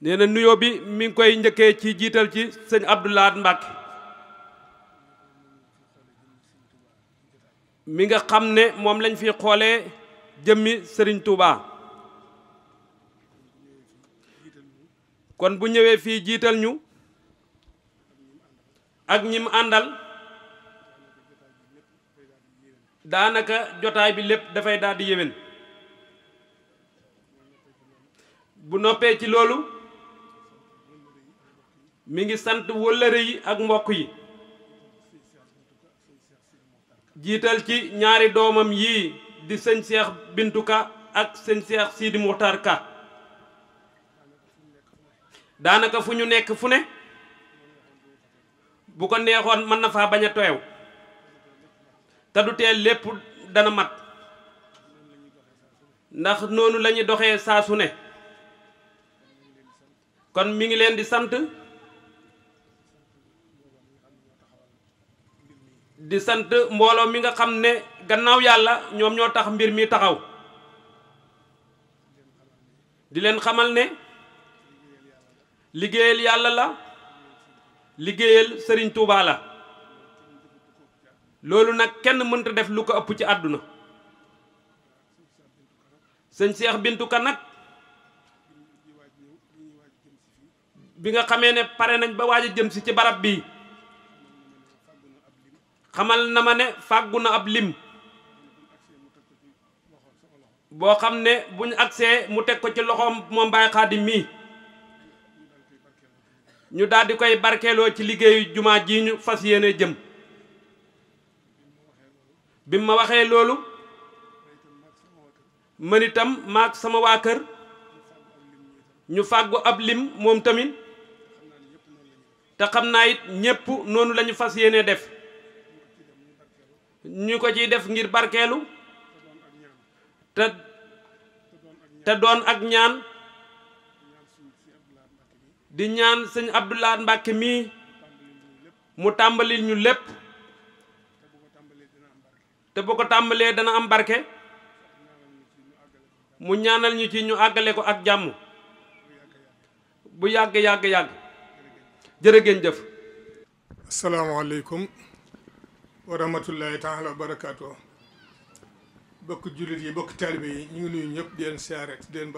nee nuyoo bi mi ngi koy njëkkee ci jiital ci sëñ Abdoulaat Mbàkke mi nga xam ne moom lañ fi xoolee jëmmi sëriñ Touba kon bu ñëwee fii jiital ñu ak ñi àndal daanaka jotaay bi lépp dafay daal yéwén bu noppee ci loolu mi ngi sant wëllëre yi ak mbokk yi jiital ci ñaari doomam yi di sëñ Cheikh Bintu Ka ak sëñ Cheikh Sidi Ka daanaka fu ñu nekk fu ne bu ko neexoon mën na faa bañ a toyaw te lépp dana mat ndax noonu lañuy ñuy doxee saa ne kon mi ngi leen di sant di sant mbooloo mi nga xam ne gannaaw yàlla ñoom ñoo tax mbir mi taxaw di leen xamal ne liggéeyal yàlla la liggéeyal sëriñ Touba la loolu nag kenn mënta def lu ko ëpp ci àdduna sëñ Cheikh bintu Ka nag bi nga xamee ne pare nañ ba waaj jëm si ci barab bi xamal na ma ne fàggu na ab lim boo xam ne bu ñu agsee mu teg ko ci loxoom moom Baye Khadim mii ñu daal di koy barkeeloo ci liggéeyu jumaa ji ñu fas yéene jëm bi ma waxee loolu man itam maag sama waa kër ñu fàggu ab lim moom tamit te xam naa it ñépp noonu lañu fas yéene def ñu ko ciy def ngir barkeelu te te doon ak ñaan di ñaan sëñ Abdoulaye Mbacke mii mu tàmbalil ñu lépp te bu ko tàmbalee dana am barke mu ñaanal ñu ci ñu àggale ko ak jàmm bu yàgg yàgg yàgg jërë jëf. asalaamaaleykum wa rahmatullahi taala wa barakaatu. bokk jullit yi bokk taalibe yi ñu ngi nuyu ñëpp di leen siyaare di leen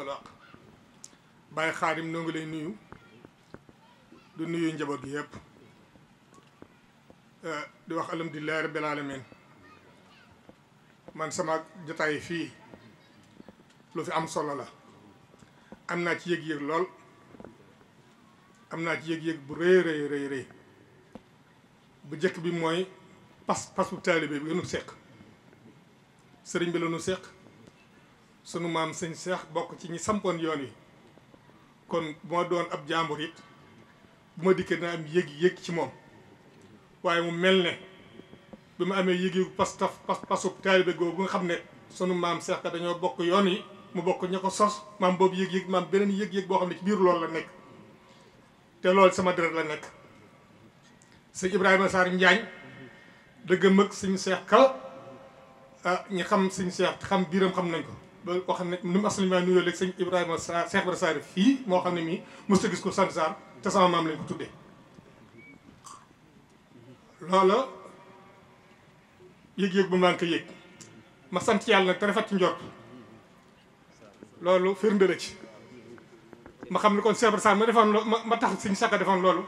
Xaadim noo ngi lay nuyu. du nuyu njaboot gi yëpp eh, di wax leer rabbil alamin man sama jotaay fii lu fi am solo la am naa ci yëg-yëg lool am naa ci yëg-yëg bu rëy rëy rëy bu jëkk bi mooy pas pasu taalibe bi nu seq sëriñ bi la nu seq sunu maam sëñ seex bokk ci ñi sampoon yoon yi kon moo doon ab jàmbur it bu ma dikkee dina am yéeg yëg ci moom waaye mu mel ne bi ma amee yëg-yëgu pastaf pas pasub taalibe googu nga xam ne sunu maam Seex ka dañoo bokk yoon yi mu bokk ña ko sos maam boobu yëg-yëg maam beneen yéeg yëg boo xam ne ci biir loolu la nekk te loolu sama deret la nekk si Ibrahima Sarr Njaañ dëgg mag sëñ Seex kala ah ñi xam sëñ Seex xam biiram xam nañ ko ba koo xam ne nu mu asalaamaaleykum nuyoo léegi sëñ Ibrahima Sarr Cheikh Bara Sarr fii moo xam ne mii mosut a gis ko sant Sarr te sama maam lañ ko tuddee. loola yëg-yëg bu maa ngi yëg ma sant yàlla nag te rafet ci njort loolu firnde la ci. ma xam ne kon Cheikh Bara ma defoon loo ma tax siñ sakka defoon loolu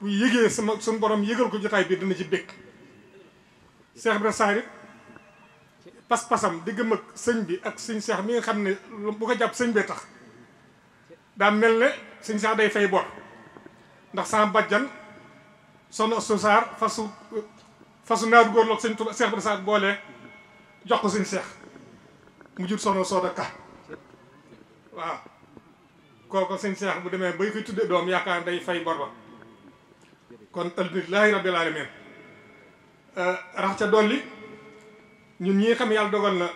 bu yëgee sama suñu borom yëgal ko jotaay bi dina ci bëgg Cheikh Bara it pas-pasam diggam ak sëñ bi ak sëñ seex mi nga xam ne bu ko jàpp sëñ bee tax daa mel ne sëñ seex day fay bor ndax sama bajjan sono su saar fasu fasu naaru góor loog sëñ Tuubaa seex bi saar boole jox ko sëñ seex mu jur sono sooda ka waaw kooku sëñ seex bu demee bay koy tuddee doom yaakaar day fay bor ba kon alhamdulilaahi rabbil aalamiin euh, rax dolli ñun ñi xam yàlla dogal na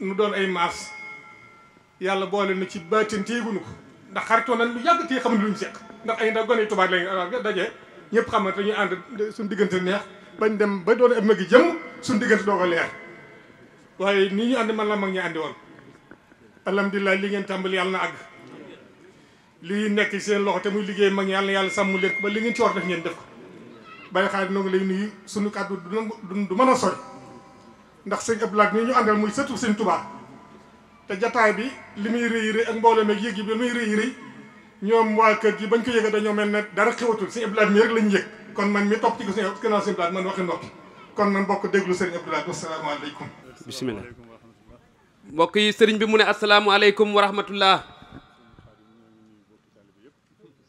nu doon ay mars yàlla boole na ci baatin téeguñu ko ndax xaritoo nañ lu yàgg tee xam ne luñ seq ndax ay ndax gone yu euh, daje ñëpp xam ne dañuy ànd suñ diggante bañ dem ba mag yi jëm suñ diggante doo ko leer waaye nii ñu ànd man la mag ñu àndi woon alhamdulilah li ngeen tàmbali yàlla na àgg lii nekk seen loxo te muy liggéey mag yàlla na yàlla sàmm leen ba li ngeen ci war def ngeen def ko bàyyi xaar noo ngi lay suñu kàddu du mën a sori ndax sëñ Abdou Lahad mi ñu àndal muy sëtu sëñ Tuubaa te jataay bi li muy rëy rëy ak mboolem ak yëg yi bi li muy rëy rëy ñoom waa kër gi bañ ko yëgee dañoo mel ne dara xewatul sëñ Abdou Lahad mi rek lañu yëg kon man mi topp ci gis nga gannaaw sëñ Abdou Lahad man waxi noppi kon man bokk déglu sëriñ Abdou Lahad wasalaamaaleykum bisimilah mbokk yi sëriñ bi mu ne asalaamaaleykum wa rahmatullah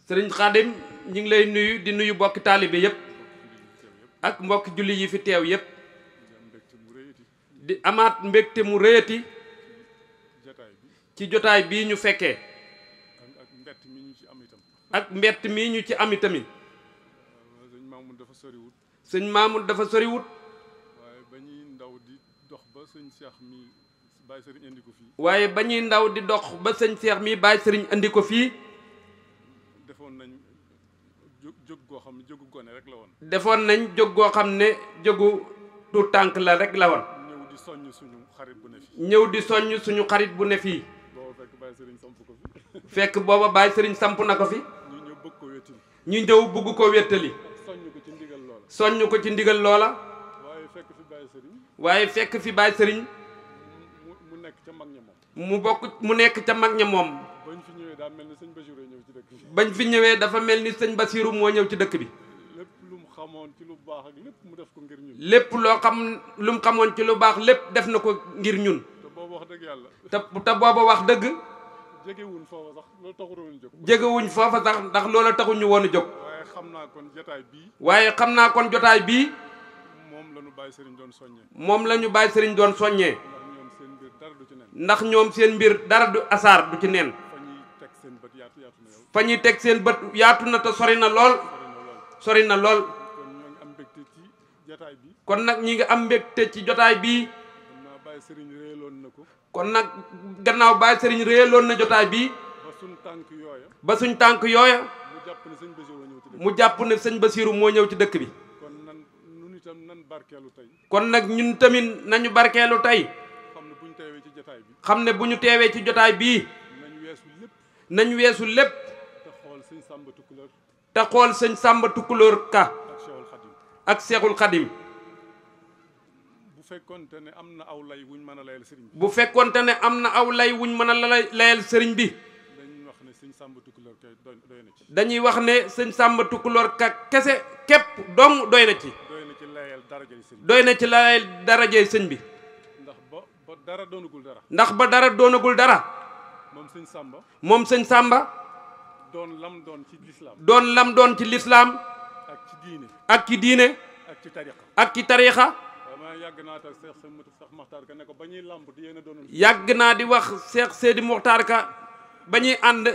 sëriñ Xaadim ñu ngi lay nuyu di nuyu mbokki taalibe yëpp ak mbokki julli yi fi teew yëpp di amaat mbégte mu réeti ci jotaay bii ñu fekkee ak mbett mii ñu ci am itamit sëñ Mamoun dafa soriwut sëñ Mamoun dafa soriwut waaye ba ñuy ndaw di dox ba sëñ Seex mi bàyyi sëriñ indi fii waaye ba ñuy ndaw di dox ba sëñ Seex mi bàyyi sëriñ indi ko fii defoon nañ jóg goo xam ne jógu gone rek la woon defoon nañ jóg goo xam ne jógu du tànk la rek la woon ñëw di soññ suñu xarit bu ne fii fekk booba bàyyi sëriñ samp na ko fi ñu ñëw bëgg ko wéttali soññ ko ci ndigal loola waaye fekk fi bàyyi sëriñ mu bokk mu nekk ca mag ña moom bañ fi ñëwee dafa mel ni sëñ Basiru moo ñëw ci dëkk bi xamoon ci lu baax lépp ko ngir lépp loo xam lu mu xamoon ci lu baax lépp def na ko ngir ñun. te boobu wax dëgg yàlla. te te boobu wax dëgg. jegewuñ foofa sax loolu taxuñu jóg. jegewuñ foofa sax ndax loola taxuñu woon a jóg. xam naa kon jotaay bii. waaye xam naa kon jotaay bii. moom la ñu bàyyi sëriñ doon soññee. moom la ñu bàyyi sëriñ doon soññee. ndax ñoom seen mbir dara du asaar du ci nen fa ñuy teg seen bët yaatu na te sori na lool sori na lool kon nag ñi ngi am mbégte ci jotaay bii kon nag gannaaw bàyyi sëriñ réeloon na jotaay bii ba suñ tànk yooya mu jàpp ne sëñ Basiiru moo ñëw ci dëkk bi kon nag ñun tamit nañu barkeelu tey xam ne bu ñu teewee ci jotaay bii nañ weesu lépp te xool sëñ Sàmba Tukulóor ka ak seexul xadim bu fekkonte ne am na aw lay wuñ mën a layal sëriñ bu fekkonte ne am na aw lay wuñ mën a layal sëriñ bi dañuy wax ne sëñ Sàmba Tukulóor na ci dañuy wax ne sëñ Sàmba Tukulóor ka kese képp dong doy na ci doy na ci layal darajey sëñ bi doy na ci layal darajey sëñ bi ndax ba dara doonagul dara ndax ba dara doonagul dara moom sëñ Sàmba moom sëñ Sàmba doon lam doon ci lislaam doon lam doon ci lislaam ak ci diine ak ci diine ak ci tarixa ak ci tarixa yàgg naa tax Cheikh Seydou Mokhtar Ka ne ko ba ñuy làmb yéen a doonul yàgg naa di wax Cheikh seedi Mokhtar Ka ba ñuy ànd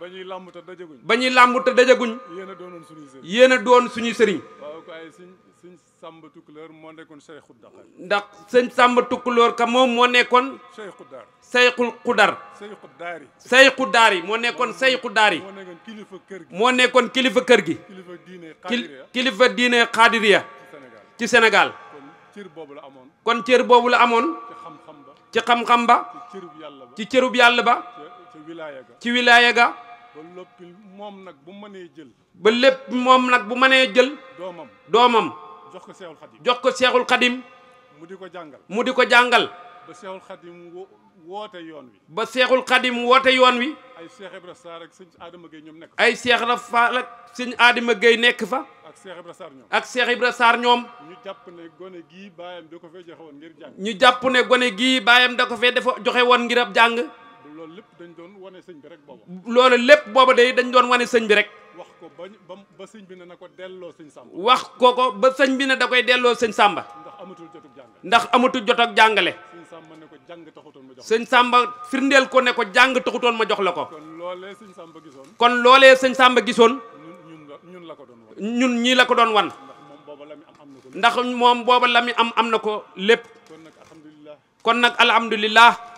ba ñuy làmb te dajaguñ. ba ñuy làmb dajaguñ. yéen a doonoon suñuy yéen a doon suñuy sëriñ. waaw kay sëñ sëñ Samba Tukulóor moo nekkoon Seyxul Daxar. ndax sëñ Samba Tukulóor ka moom moo nekkoon. Seyxul Daar. Seyxul Xudar. Seyxul Daari. Seyxul Daari moo nekkoon Seyxul Daari. moo nekkoon kilifa kër gi. moo nekkoon kilifa kër gi. kilifa diine Xaadiriya. kilifa diine Xaadiriya ci Sénégal. kon cër boobu la amoon. kon cër boobu la amoon. ci xam-xam ba. ci cërub yàlla ba. ci wilaaya ga ci wilaaya ga ba lépp moom nag bu mënee jël. ba lépp moom nag bu mënee jël. doomam doomam. jox ko seexul xadim jox ko seexul xadim. mu di ko jàngal mu di ko jàngal. ba seexul xadim woote yoon wi. ba seexul xadim woote yoon wi. ay seex Ibra Saar ak sëñ Adama Gueye ñoom nekk fa. ay seex Rafaal ak sëñ Adama Gueye nekk fa. ak seex Ibra Saar ñoom. ak seex Ibra Saar ñoom. ñu jàpp ne gone gii baayam da ko fee joxe woon ngir jàng. ñu jàpp ne gone gii baayam da ko fee dafa joxe woon ngir ab jàng. loolu lépp dañ doon wane sëñ bi rek booba. loolu lépp booba day dañ doon wane sëñ bi rek. wax ko ba ba sëñ bi ne na ko delloo sëñ Samba. wax ko ko ba sëñ bi ne da koy delloo sëñ sàmba ndax amatul jot ak jàngale. ndax amatul jot ak jàngale. sëñ Samba ne ko jàng ma jox la ko. sëñ Samba firndeel ko ne ko jàng taxutoon ma jox la ko. kon loolee sëñ Samba gisoon. kon loolee sëñ Samba gisoon. ñun ñun la ko doon ñun ñii la ko doon wan. ndax moom booba la mi am am na ko lépp. kon nag alhamdulilah.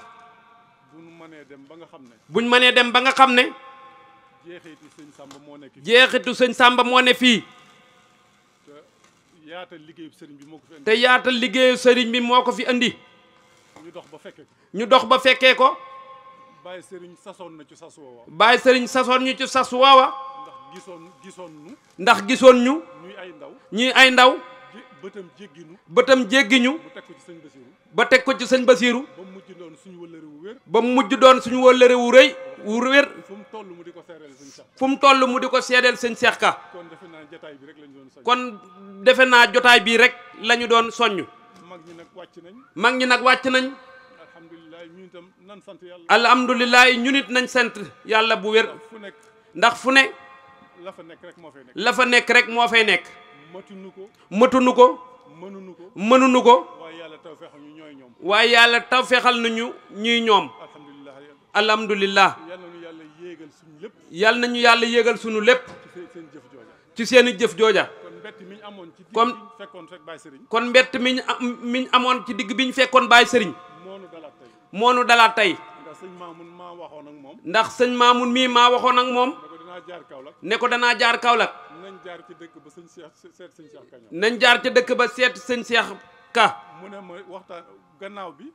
dem ba nga xam ne. buñ mënee dem ba nga xam ne. jeexitu sëñ Samba moo nekk. jeexitu sëñ sàmba moo ne fii. te yaatal liggéeyu sëriñ bi moo ko fi indi. yaatal liggéeyu sëriñ bi moo ko fi indi. ñu dox ba fekkee ko. ñu dox ba fekkee ko. Baye Serigne sasoon na ci sas woowa. Baye Serigne sasoon ñu ci sas woowa. ndax gisoon gisoon ñu. ndax gisoon ñu. ndaw ñuy ay ndaw. bëtam jéggiñu bëtam jéggiñu ba teg ko ci sëñ ba teg ko sëñ Basiiru ba mu mujj doon suñu wëllëre wu wér ba mu mujj doon suñu wëllëre wu rëy wu wér fu mu toll mu di ko seedeel sëñ Seex fu mu toll mu di ko seedeel sëñ Seex Ka kon defe naa jotaay bi rek lañu doon soññ kon defe naa jotaay bi rek lañu doon soññ mag ñi nag wàcc nañ mag ñi nag wàcc nañ alhamdulilah ñun itam sant yàlla alhamdulilah ñun it nañ sant yàlla bu wér ndax fu ne la fa nekk rek moo fay nekk la fa nekk rek moo fay nekk matuñu ko matuñu ko mënuñu ko mënuñu ko waaye yàlla tawfeexal ñu ñooy ñoom waaye yàlla tawfeexal nañu ñuy ñoom alhamdulilah yàlla na ñu yàlla yéegal suñu lépp ci seen jëf jooja kon kon mbett miñ miñ amoon ci digg bi ñu fekkoon baay sëriñ moonu dalaat tey ndax sëñ maamun mii maa waxoon ak moom ne ko danaa jaar Kaolack nañ jaar ci dëkk ba sëñ Cheikh seet sëñ Cheikh Ka nañ jaar ca dëkk ba seet sëñ Cheikh Ka. mu ne ma waxtaan gannaaw bi.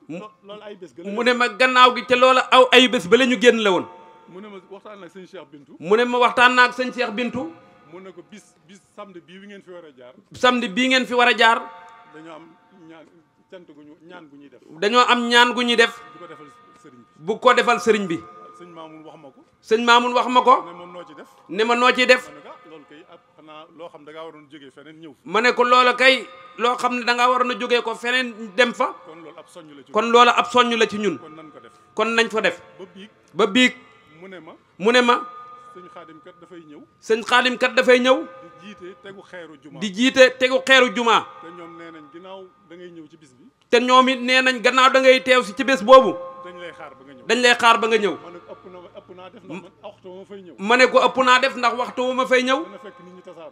ay bés gën mu ne ma gannaaw gi te loola aw ay bés ba la ñu génn la woon. mu ne ma waxtaan naa ak sëñ seex Bintu. mu ne ma waxtaan naa ak sëñ Cheikh Bintu. mu ne ko bis bis bii wi ngeen fi war a jaar. samedi bii ngeen fi war a jaar. dañoo am ñaan cant gu ñaan gu ñuy def. dañoo am ñaan gu ñuy def. bu ko defal sëriñ bi. bu ko sëriñ bi. sëñ Maamun wax ma ko. sëñ Maamun wax ma ko. ne ma noo def. ma ne ko loola kay loo xam ne da ngaa waroon a jógee ko feneen dem fa kon loola ab soññ la ci ñun kon nañ fa def ba biig mu ne ma mu ne ma sëñ xaadim kat dafay ñëw sëñ xaadim dafay ñëw di jiite tegu xeeru jumaa di jiite tegu xeeru jumaa te ñoom nee nañ gannaaw da ngay ñëw ci bis bi te ñoom it nee nañ gannaaw da ngay teew si ci bés boobu dañ lay xaar ba ñëw dañ lay xaar ba nga ñëw ma ne ko ëpp naa def ndax waxtu wu ma fay ñëw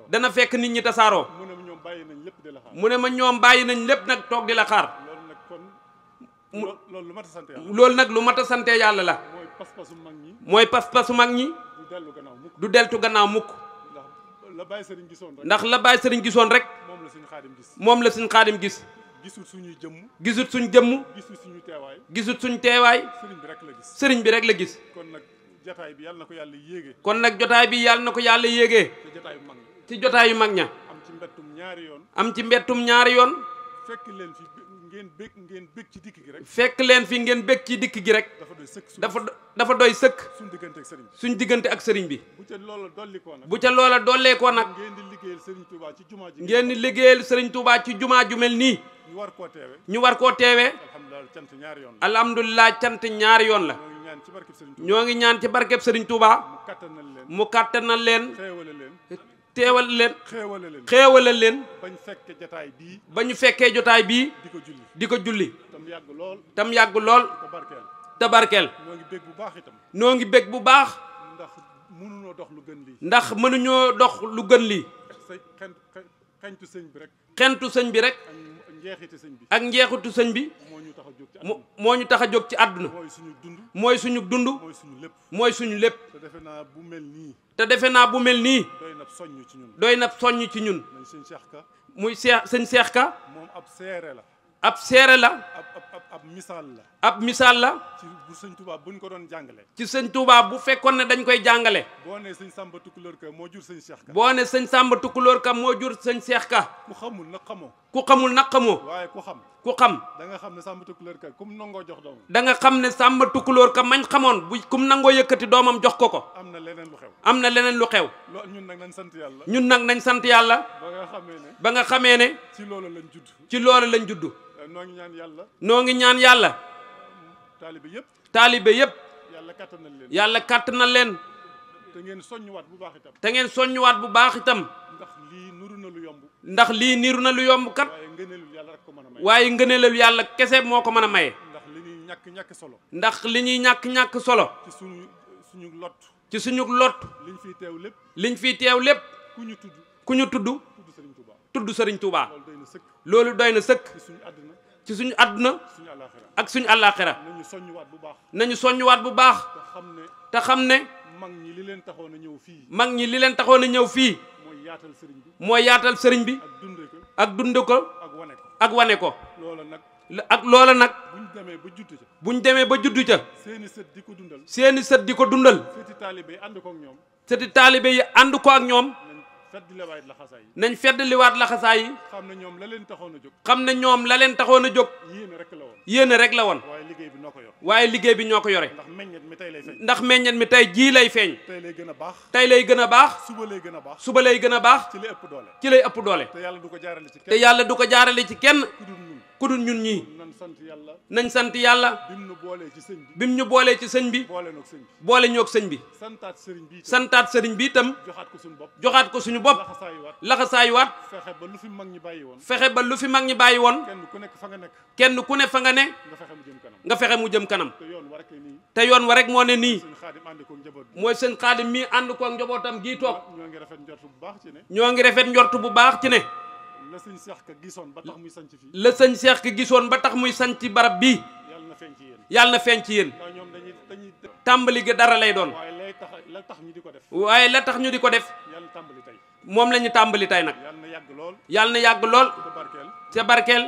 dana fekk nit ñi tasaaroo mu ne ma ñoom bàyyi nañ lépp nag toog di la xaar loolu nag lu mat a sante yàlla la mooy pas-pasu mag ñi du deltu gannaaw mukk ndax la bàyyi sëriñ gisoon rek moom la suñ xaadim gis gisut suñuy jëmm gisut suñu teewaay sëriñ bi rek la gis jotaay bi yàlla na ko yàlla yéege. kon nag jotaay bi yàlla na ko yàlla yéege. ci jotaay yu mag ña. ci jotaay yu mag ña. am ci mbettum ñaari yoon. am ci mbettum ñaari yoon. fekk leen fi ngeen bég ngeen bég ci dikk gi rek. fekk leen fi ngeen bég ci dikk gi rek. dafa doy sëkk dafa dafa doy sëkk. suñ diggante ak sëriñ bi suñ diggante ak sëriñ bi. bu ca loola dollikoo nag. bu ca loola dollikoo nag. ngeen di liggéeyal sëriñ Touba ci jumaa ji. ngeen di liggéeyal sëriñ Touba ci jumaa ju mel nii. ñu war koo teewee. ñu war koo teewee. alhamdulilah cant ñaari yoon la. ñoo ngi ñaan ci barkeb sëriñ Touba. mu kattanal leen. teewal leen xeewale leen xeewale leen bañ fekkee jotaay bii ba ñu fekkee jotaay bii di ko julli di ko julli tam yàgg lool tam yàgg lool te barkeel noo ngi bég bu baax itam noo ngi bég bu baax ndax mënuñoo dox lu gën lii ndax mënuñoo dox lu gën lii xentu sëñ bi rek xentu sëñ bi rek ak njeexitu sëñ bi moo ñu tax a jóg ci àdduna mooy suñu dund mooy suñu lépp mooy suñu te defe naa bu mel nii te defe naa bu mel nii doy na soññ ci ñun mooy seex sëñ seex ka moom ab seere la ab seere la ab misaal la ab misaal la ci sëñ Tuubaa buñ ko doon jàngale ci sëñ Tuubaa bu fekkoon ne dañ koy jàngale boo ne sëñ Samba Tukulóor ka moo jur sañ Cheikh ka. boo ne sëñ Samba Tukulóor ka jur sëñ Cheikh ka. ku xamul nag xamoo. ku xamul nag xamoo. waaye ku xam. ku xam. da nga xam ne Samba Tukulóor ka kum nangoo jox doomam. da xam ne Samba Tukulóor ka mañ xamoon bu kum nangoo yëkkati doomam jox ko ko. am na leneen lu xew. am na leneen lu xew. loolu ñun nag nañ sant yàlla. ñun nag nañ sant yàlla. ba nga xamee ne. ba nga xamee ne. ci loolu lañ judd. ci loolu lañ judd. Eh, noo ngi ñaan yàlla. noo ngi ñaan yàlla. taalibe yëpp. taalibe yëpp. yàlla kàttanal leen. yàlla kàttanal leen te ngeen soññuwaat bu baax itam. te ngeen soññuwaat bu baax itam. ndax lii niru na lu yomb. ndax lii niru na lu yomb kat. waaye ngëneelu yàlla rek ko mën a maye. waaye ngëneelu yàlla kese moo ko mën a maye. ndax li ñuy ñàkk ñàkk solo. ndax li ñuy ñàkk ñàkk solo. ci suñu suñu lot. ci suñu lot. liñ fiy teew lépp. liñ fiy teew lépp. ku ñu tudd. ku ñu tudd. tudd Serigne Touba. tudd Serigne Touba. loolu doy na sëkk. ci suñu àdduna ak suñu àllaaxira nañu soññuwaat bu baax te xam ne mag ñi li leen taxoon a ñëw fii. mag ñi li leen taxoon a ñëw fii. mooy yaatal sëriñ bi. mooy yaatal sëriñ bi. ak dund ko ak dund ko. ak wane ko ak wane ko. loola nag. ak loola nag. buñ demee ba judd ca. buñ demee ba judd ca. seeni sët di ko dundal. seeni sët di ko dundal. sëti taalibe yi ànd ko ak ñoom. sëti taalibe yi ànd ko ak ñoom. feddliwaat laxasaay yi nañ feddliwaat laxasaay yi xam ne ñoom la leen taxoon a jóg xam ne ñoom la leen taxoon a jóg yéene rek la woon yéene rek la woon waaye liggéey bi ñoo ko yor waaye liggéey bi ñoo ko yore ndax meññet mi tey lay feeñ tey jii lay feeñ tey lay gën a baax tey lay gën a baax suba lay gën a baax suba lay gën a baax ci lay ëpp doole ci lay ëpp doole te yàlla du ko jaarale ci kenn te yàlla du ko jaarale ci kenn ku dul ñun ñii nañ sant yàlla bim ñu boolee ci sëñ bi boole ñoog sëñ bi santaat sëriñ bi itam joxaat ko suñu bopp laxasaayuwaat fexe ba lu fi mag ñi bàyyi woon kenn ku ne fa nga ne nga fexe mu jëm kanam te yoon wa rek moo ne nii mooy sëñ xaadim mii ànd koog njabootam gii toog ñoo ngi rafet njort bu baax ci ne la sëñ Seex ka gisoon ba tax muy sanc fii la sëñ Seex ka gisoon ba tax muy sanc barab bi yàlla na feeñ ci yéen yàlla na ci yéen ñoom dañuy dañuy tàmbali gi dara lay doon waaye lay tax la tax ñu di ko def waaye la tax ñu di ko def yàlla tàmbali tey moom la ñu tàmbali tey nag yàlla na yàgg lool yàlla na yàgg lool te barkeel te barkeel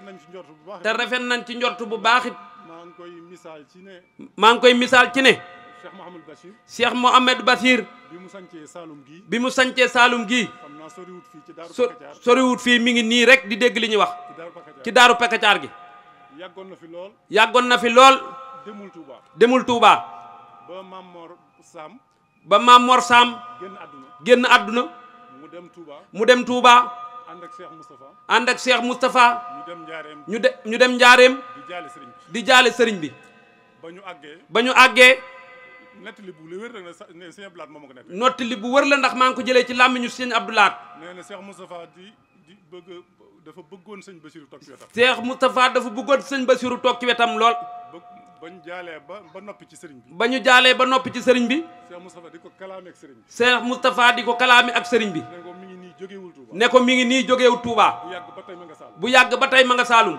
te nañ ci njort bu baax te rafet nañ ci njort bu baax it maa ngi koy misaal ci ne maa ngi koy misaal ci ne Cheikh Mouhamed Bachir. Cheikh Mouhamed Bachir. bi mu sancee Saalum gii. bi mu sancee Saalum gi xam naa soriwut fii ci Daaru Pakacaar. fii mi ngi nii rek di dégg li ñuy wax. ci Daaru Pakacaar gi. yàggoon na fi lool. yàggoon na fi lool. demul Touba. demul Touba. ba Maam Mor Sam. ba Maam Mor Sam. génn àdduna. génn àdduna. mu dem tuuba mu dem Touba. ànd ak Cheikh Moustapha. ànd ak Cheikh Moustapha. ñu dem Njaareem. ñu de ñu dem Njaareem. di jaale sëriñ bi. di jaale sëriñ bi. ba ñu àggee. nettali bu wér la ne sëñ Abdou Lahat moom ko nettali. nettali bu wér la ndax maa ngi ko jëlee ci làmmiñu sëñ Abdou Lahat. nee di di bëgg dafa bëggoon sëñ Basiru toog ci wetam. Cheikh Moustapha dafa ba ñu ba ba noppi ci sëriñ bi. ba ñu jaalee ba noppi ci sëriñ bi. Cheikh Moustapha di ko kalaame ak sëriñ bi. Cheikh Moustapha ko kalaame ak sëriñ bi. ne ko mi ngi nii jógeewul Touba. ne ko mi ngi nii jógeewul Touba. bu yàgg ba tey ma nga Saalum. bu yàgg ba tey ma nga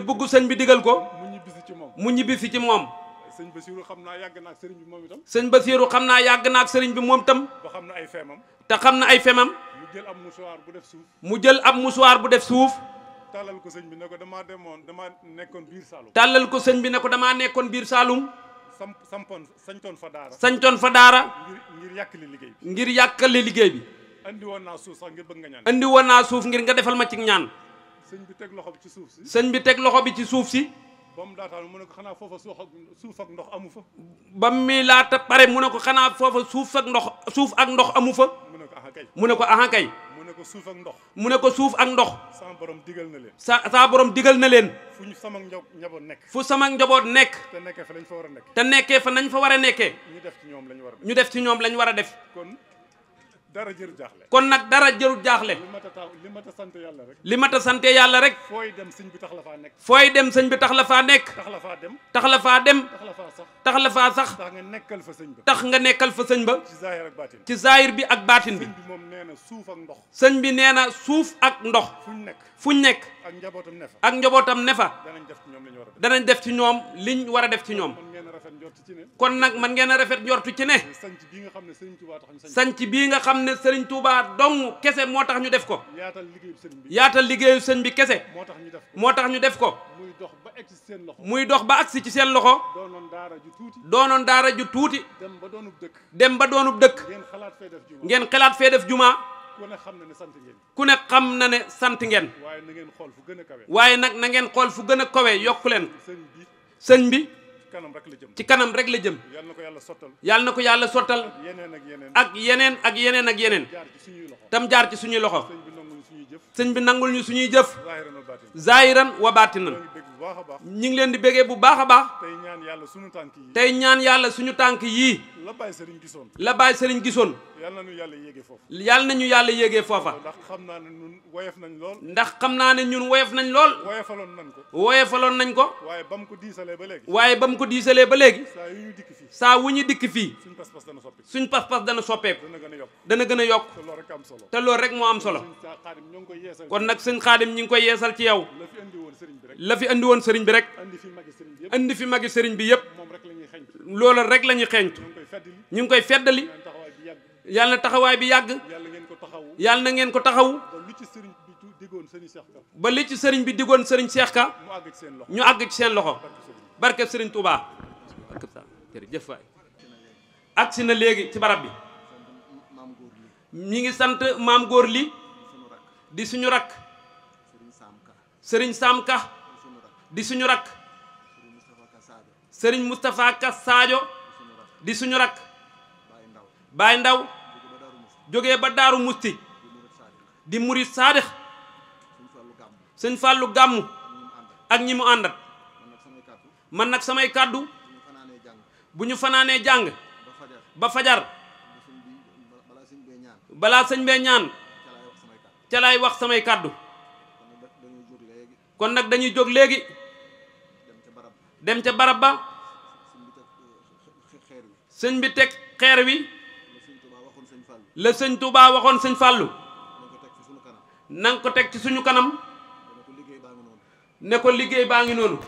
bëgg sëñ bi digal ko. bi digal ko. mu ñibbisi ci mu ñibbisi ci moom. sëñ ba Basiiru xam naa yàgg na ak sëriñ bi moom itam. sëñ Basiiru xam naa yàgg na ak sëriñ bi moom itam. xam na ay femam. te xam na ay femam. mu jël ab musuwaar bu def suuf. mu jël ab musuwaar bu def suuf. tàllal ko sëñ bi ne ko damaa demoon damaa nekkoon biir Saalum. tàllal ko sëñ bi ne ko damaa nekkoon biir Saalum. samp sampoon sañtoon fa daara. sañtoon fa daara. ngir yàkkale liggéey bi. ngir yàkkale liggéey bi. andi woon naa suuf sax ngir bëgg nga ñaan. andi woon naa suuf ngir nga defal ma ci ñaan. sëñ bi teg loxo ci suuf si. sëñ bi teg loxo bi ci suuf si. ba mu daata mu ne ko xanaa foofa suuf ak suuf ndox amu fa. ba mi laata pare mu ne ko xanaa foofa suuf ak ndox suuf ak ndox amu fa. mu ne ko aha kay mu ne ko aha mu ne ko suuf ak ndox. mu ne ko suuf ndox. saa borom digal na leen. sa saa borom digal na leen. fu ñu sama njaboot nekk. fu sama njaboot nekk. te nekkee fa nañ fa war a nekk. te nekkee fa nañ fa war a nekkee. ñu def ci ñoom lañ war a def. ñu def ci ñoom lañ a def. kon. dara jëru jaaxle kon nag dara jëru jaaxle li ma ta sant yàlla rek li ma ta sante yàlla rek fooy dem sëñ bi tax la faa nekk fooy dem sëñ bi tax la faa nekk tax la faa dem tax la faa dem faa sax tax la faa sax tax nga nekkal fa sëñ ba tax nga nekkal fa sëñ ba ci zaahir ak ci zaahir bi ak baatin bi sëñ bi moom nee na suuf ak ndox sëñ bi nee na suuf ak ndox fuñ nekk fuñ nekk ak njabootam ne fa ak njabootam ne fa danañ def ci ñoom liñ war a danañ def ci ñoom liñ war def ci ñoom kon nag man ngeen a rafet njortu ci ne sanc bii nga xam ne sëñ Tuubaa tax ñu sanc bii nga xam ne Serigne Touba dong kese moo tax ñu def ko. yaatal liggéeyu sëñ yaatal liggéeyu sëñ bi kese. moo tax ñu def ko moo tax ñu def ko. muy dox ba agsi ci seen loxo. muy dox ba agsi ci seen loxo. doonoon daara ju tuuti. doonoon daara ju tuuti. dem ba doonub dëkk. dem ba doonub dëkk. ngeen xalaat fee def juma ngeen xalaat fee def juma. ku ne xam na ne sant ngeen. ku ne xam na ne sant ngeen. waaye na ngeen xool fu gën a kawe. waaye nag na ngeen xool fu gën a kawe yokku leen. sëñ bi. kanam rek la jëm ci kanam rek la jëm. yal na ko yàlla sottal. yal na ko yàlla sottal. ak yeneen ak yeneen ak yeneen. tam jaar ci suñuy loxo. sëñ bi nangul ñu suñuy jëf. sëñ bi nangul jëf. zaahiran wa baatinan baax a leen di bégee bu baax a baax tey ñaan yàlla suñu tànk yi tey ñaan yàlla suñu tànk yii la bàyyi sëriñ gisoon la bàyyi sëriñ gisoon yàlla nañu yàlla yéegee foofa yàlla nañu yàlla yéegee foofa ndax xam naa ne ñun woyof nañ lool ndax xam naa ne ñun woyof nañ lool woyofaloon nañ ko woyofaloon nañ ko waaye ba mu ko diisalee ba léegi waaye ba mu ko diisalee ba léegi saa yu ñu dikk fii saa wu ñu dikk fii suñ pas-pas dana soppeeku suñ pas-pas dana gën a yokk dana gën a yokk te loolu rek am solo te loolu rek moo am solo kon nag sëñ xaadim ñu ngi koy yeesal ci yow la fi andi woon sëriñ bi rek indi fi mag sëriñ bi yëpp loola rek la ñuy xeeñtu ñu ngi koy feddali yàlla na taxawaay bi yàgg yàlla na ngeen ko taxaw ba li ci sëriñ bi diggoon sëriñ Seex Ka ñu àgg ci seen loxo barke sëriñ Touba jërëjëf waay agsi na léegi ci barab bi ñi ngi sant maam góor li di suñu rakk sëriñ Saam di suñu rakk sëriñ Moustapha Ka Sadio di suñu rakk Baye Ndaw jógee ba Daaru Musti di murit saadix sëñ Fàllu gàmmu ak ñi mu àndat man nag samay kàddu bu ñu fanaanee jàng ba fajar balaa sëñ bee ñaan ca lay wax samay kàddu kon nag dañuy jóg léegi dem ca barab ba sëñ bi teg xeer wi la sëñ Touba waxoon sëñ Fallou na nga ko teg ci suñu kanam ne ko liggéey baa ngi noonu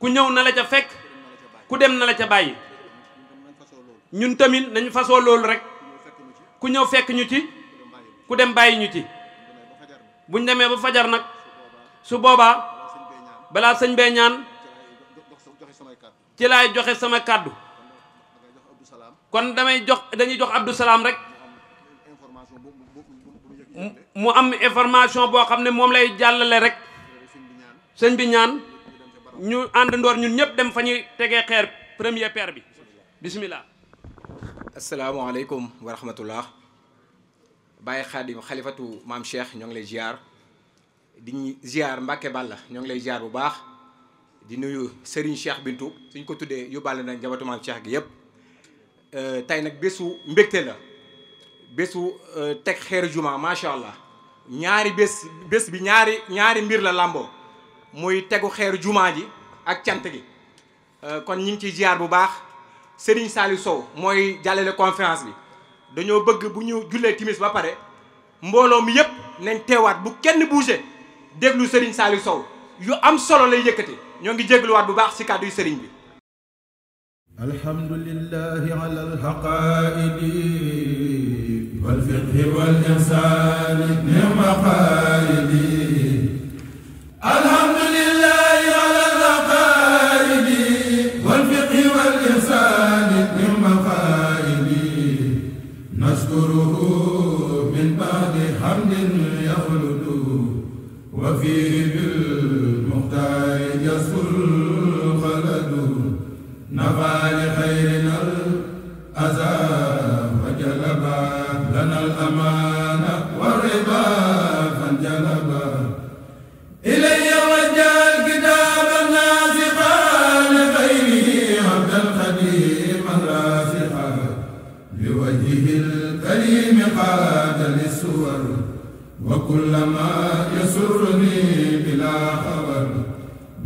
ku ñëw na la ca fekk ku dem na la ca bàyyi ñun tamit nañu fasoo loolu rek ku ñëw fekk ñu ci ku dem bàyyi ñu ci buñ demee ba fajar nag su boobaa balaa sëñ bee ñaan ci laay joxe sama kàddu kon damay jox dañuy jox Abdou Salaam rek mu am information boo xam ne moom lay jàllale rek sëñ bi ñaan ñu àndandoor ñu ñëpp dem fa ñuy tegee xeer premier paire bi bismillah asalaamaaleykum wa rahmatullah Baye xalifatu maam Cheikh ñoo ngi lay ziar di ziar Mbacke Balla ñoo ngi lay ziar bu baax di nuyu Serigne Cheikh Bintou suñ ko tuddee yóbbaale na njabootu maam gi yëpp euh, tey nag bésu mbégte la bésu euh, teg xeer juma macha allah ñaari bés bés bi ñaari ñaari mbir la làmboo muy tegu xeer juma ji ak cant gi euh, kon ñu ngi ciy ziar bu baax Serigne Saliou Sow mooy jàllale conférence bi dañoo bëgg bu ñu jullee timis ba pare mbooloo mi yëpp nañ teewaat bu kenn bougé déglu Serigne Saliou Sow yu am solo lay yëkkati. ñoo ngi jégluwaat bu baax si kàddu yu sëriñ bi alhamdulillahi ala alxaqaidi walfiqhi wal insani nima xaalidi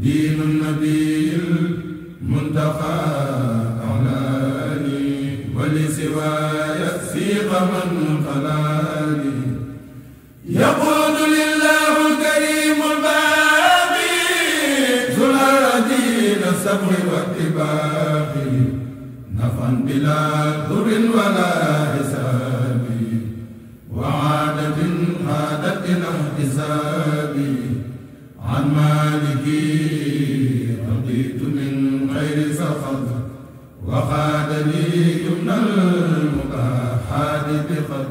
دين النبي المنتقى أعلاني ولسواي سيق من خلاني يقول لله الكريم الباقي ذو الأراضين الصبر والاتباع نفعا بلا ضر ولا حساب وعادة عادت إلى حساب الذي يمنى المباحات بقدر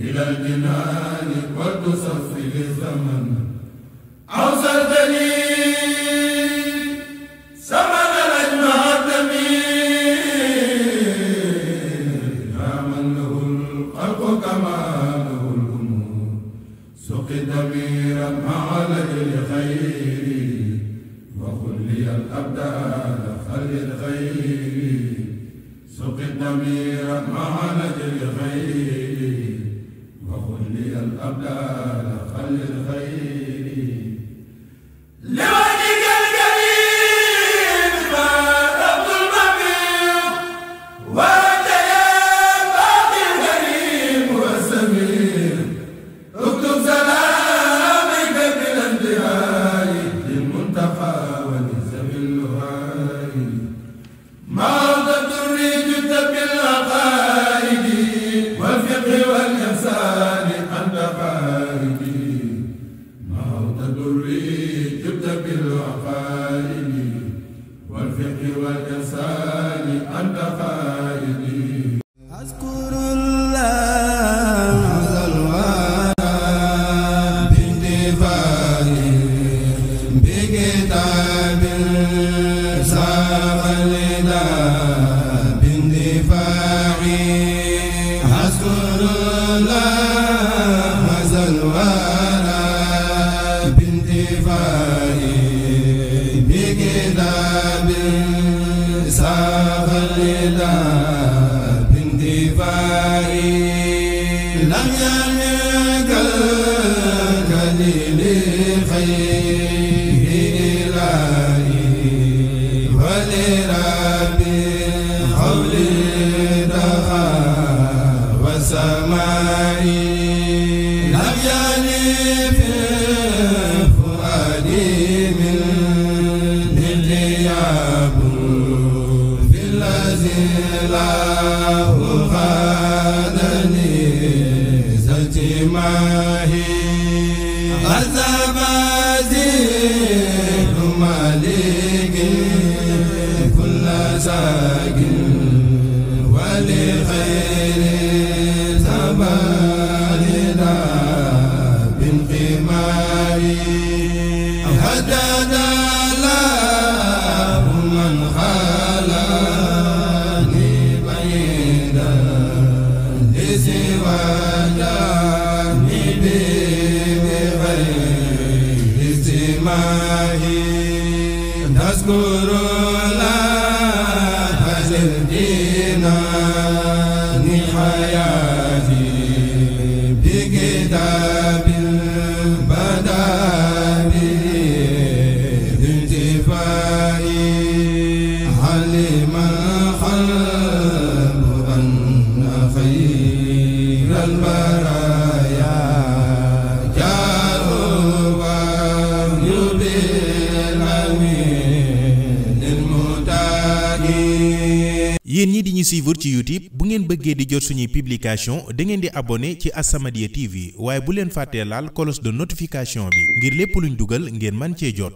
إلى الجنان والتصفي للزمن لم يلقى كليل خير ñuy suivre ci YouTube bu ngeen bëggee di jot suñuy publication da ngeen di abonné ci As-Samadiyya TV waaye bu leen fàttee laal cloche de notification bi ngir lépp luñ dugal ngeen man cee jot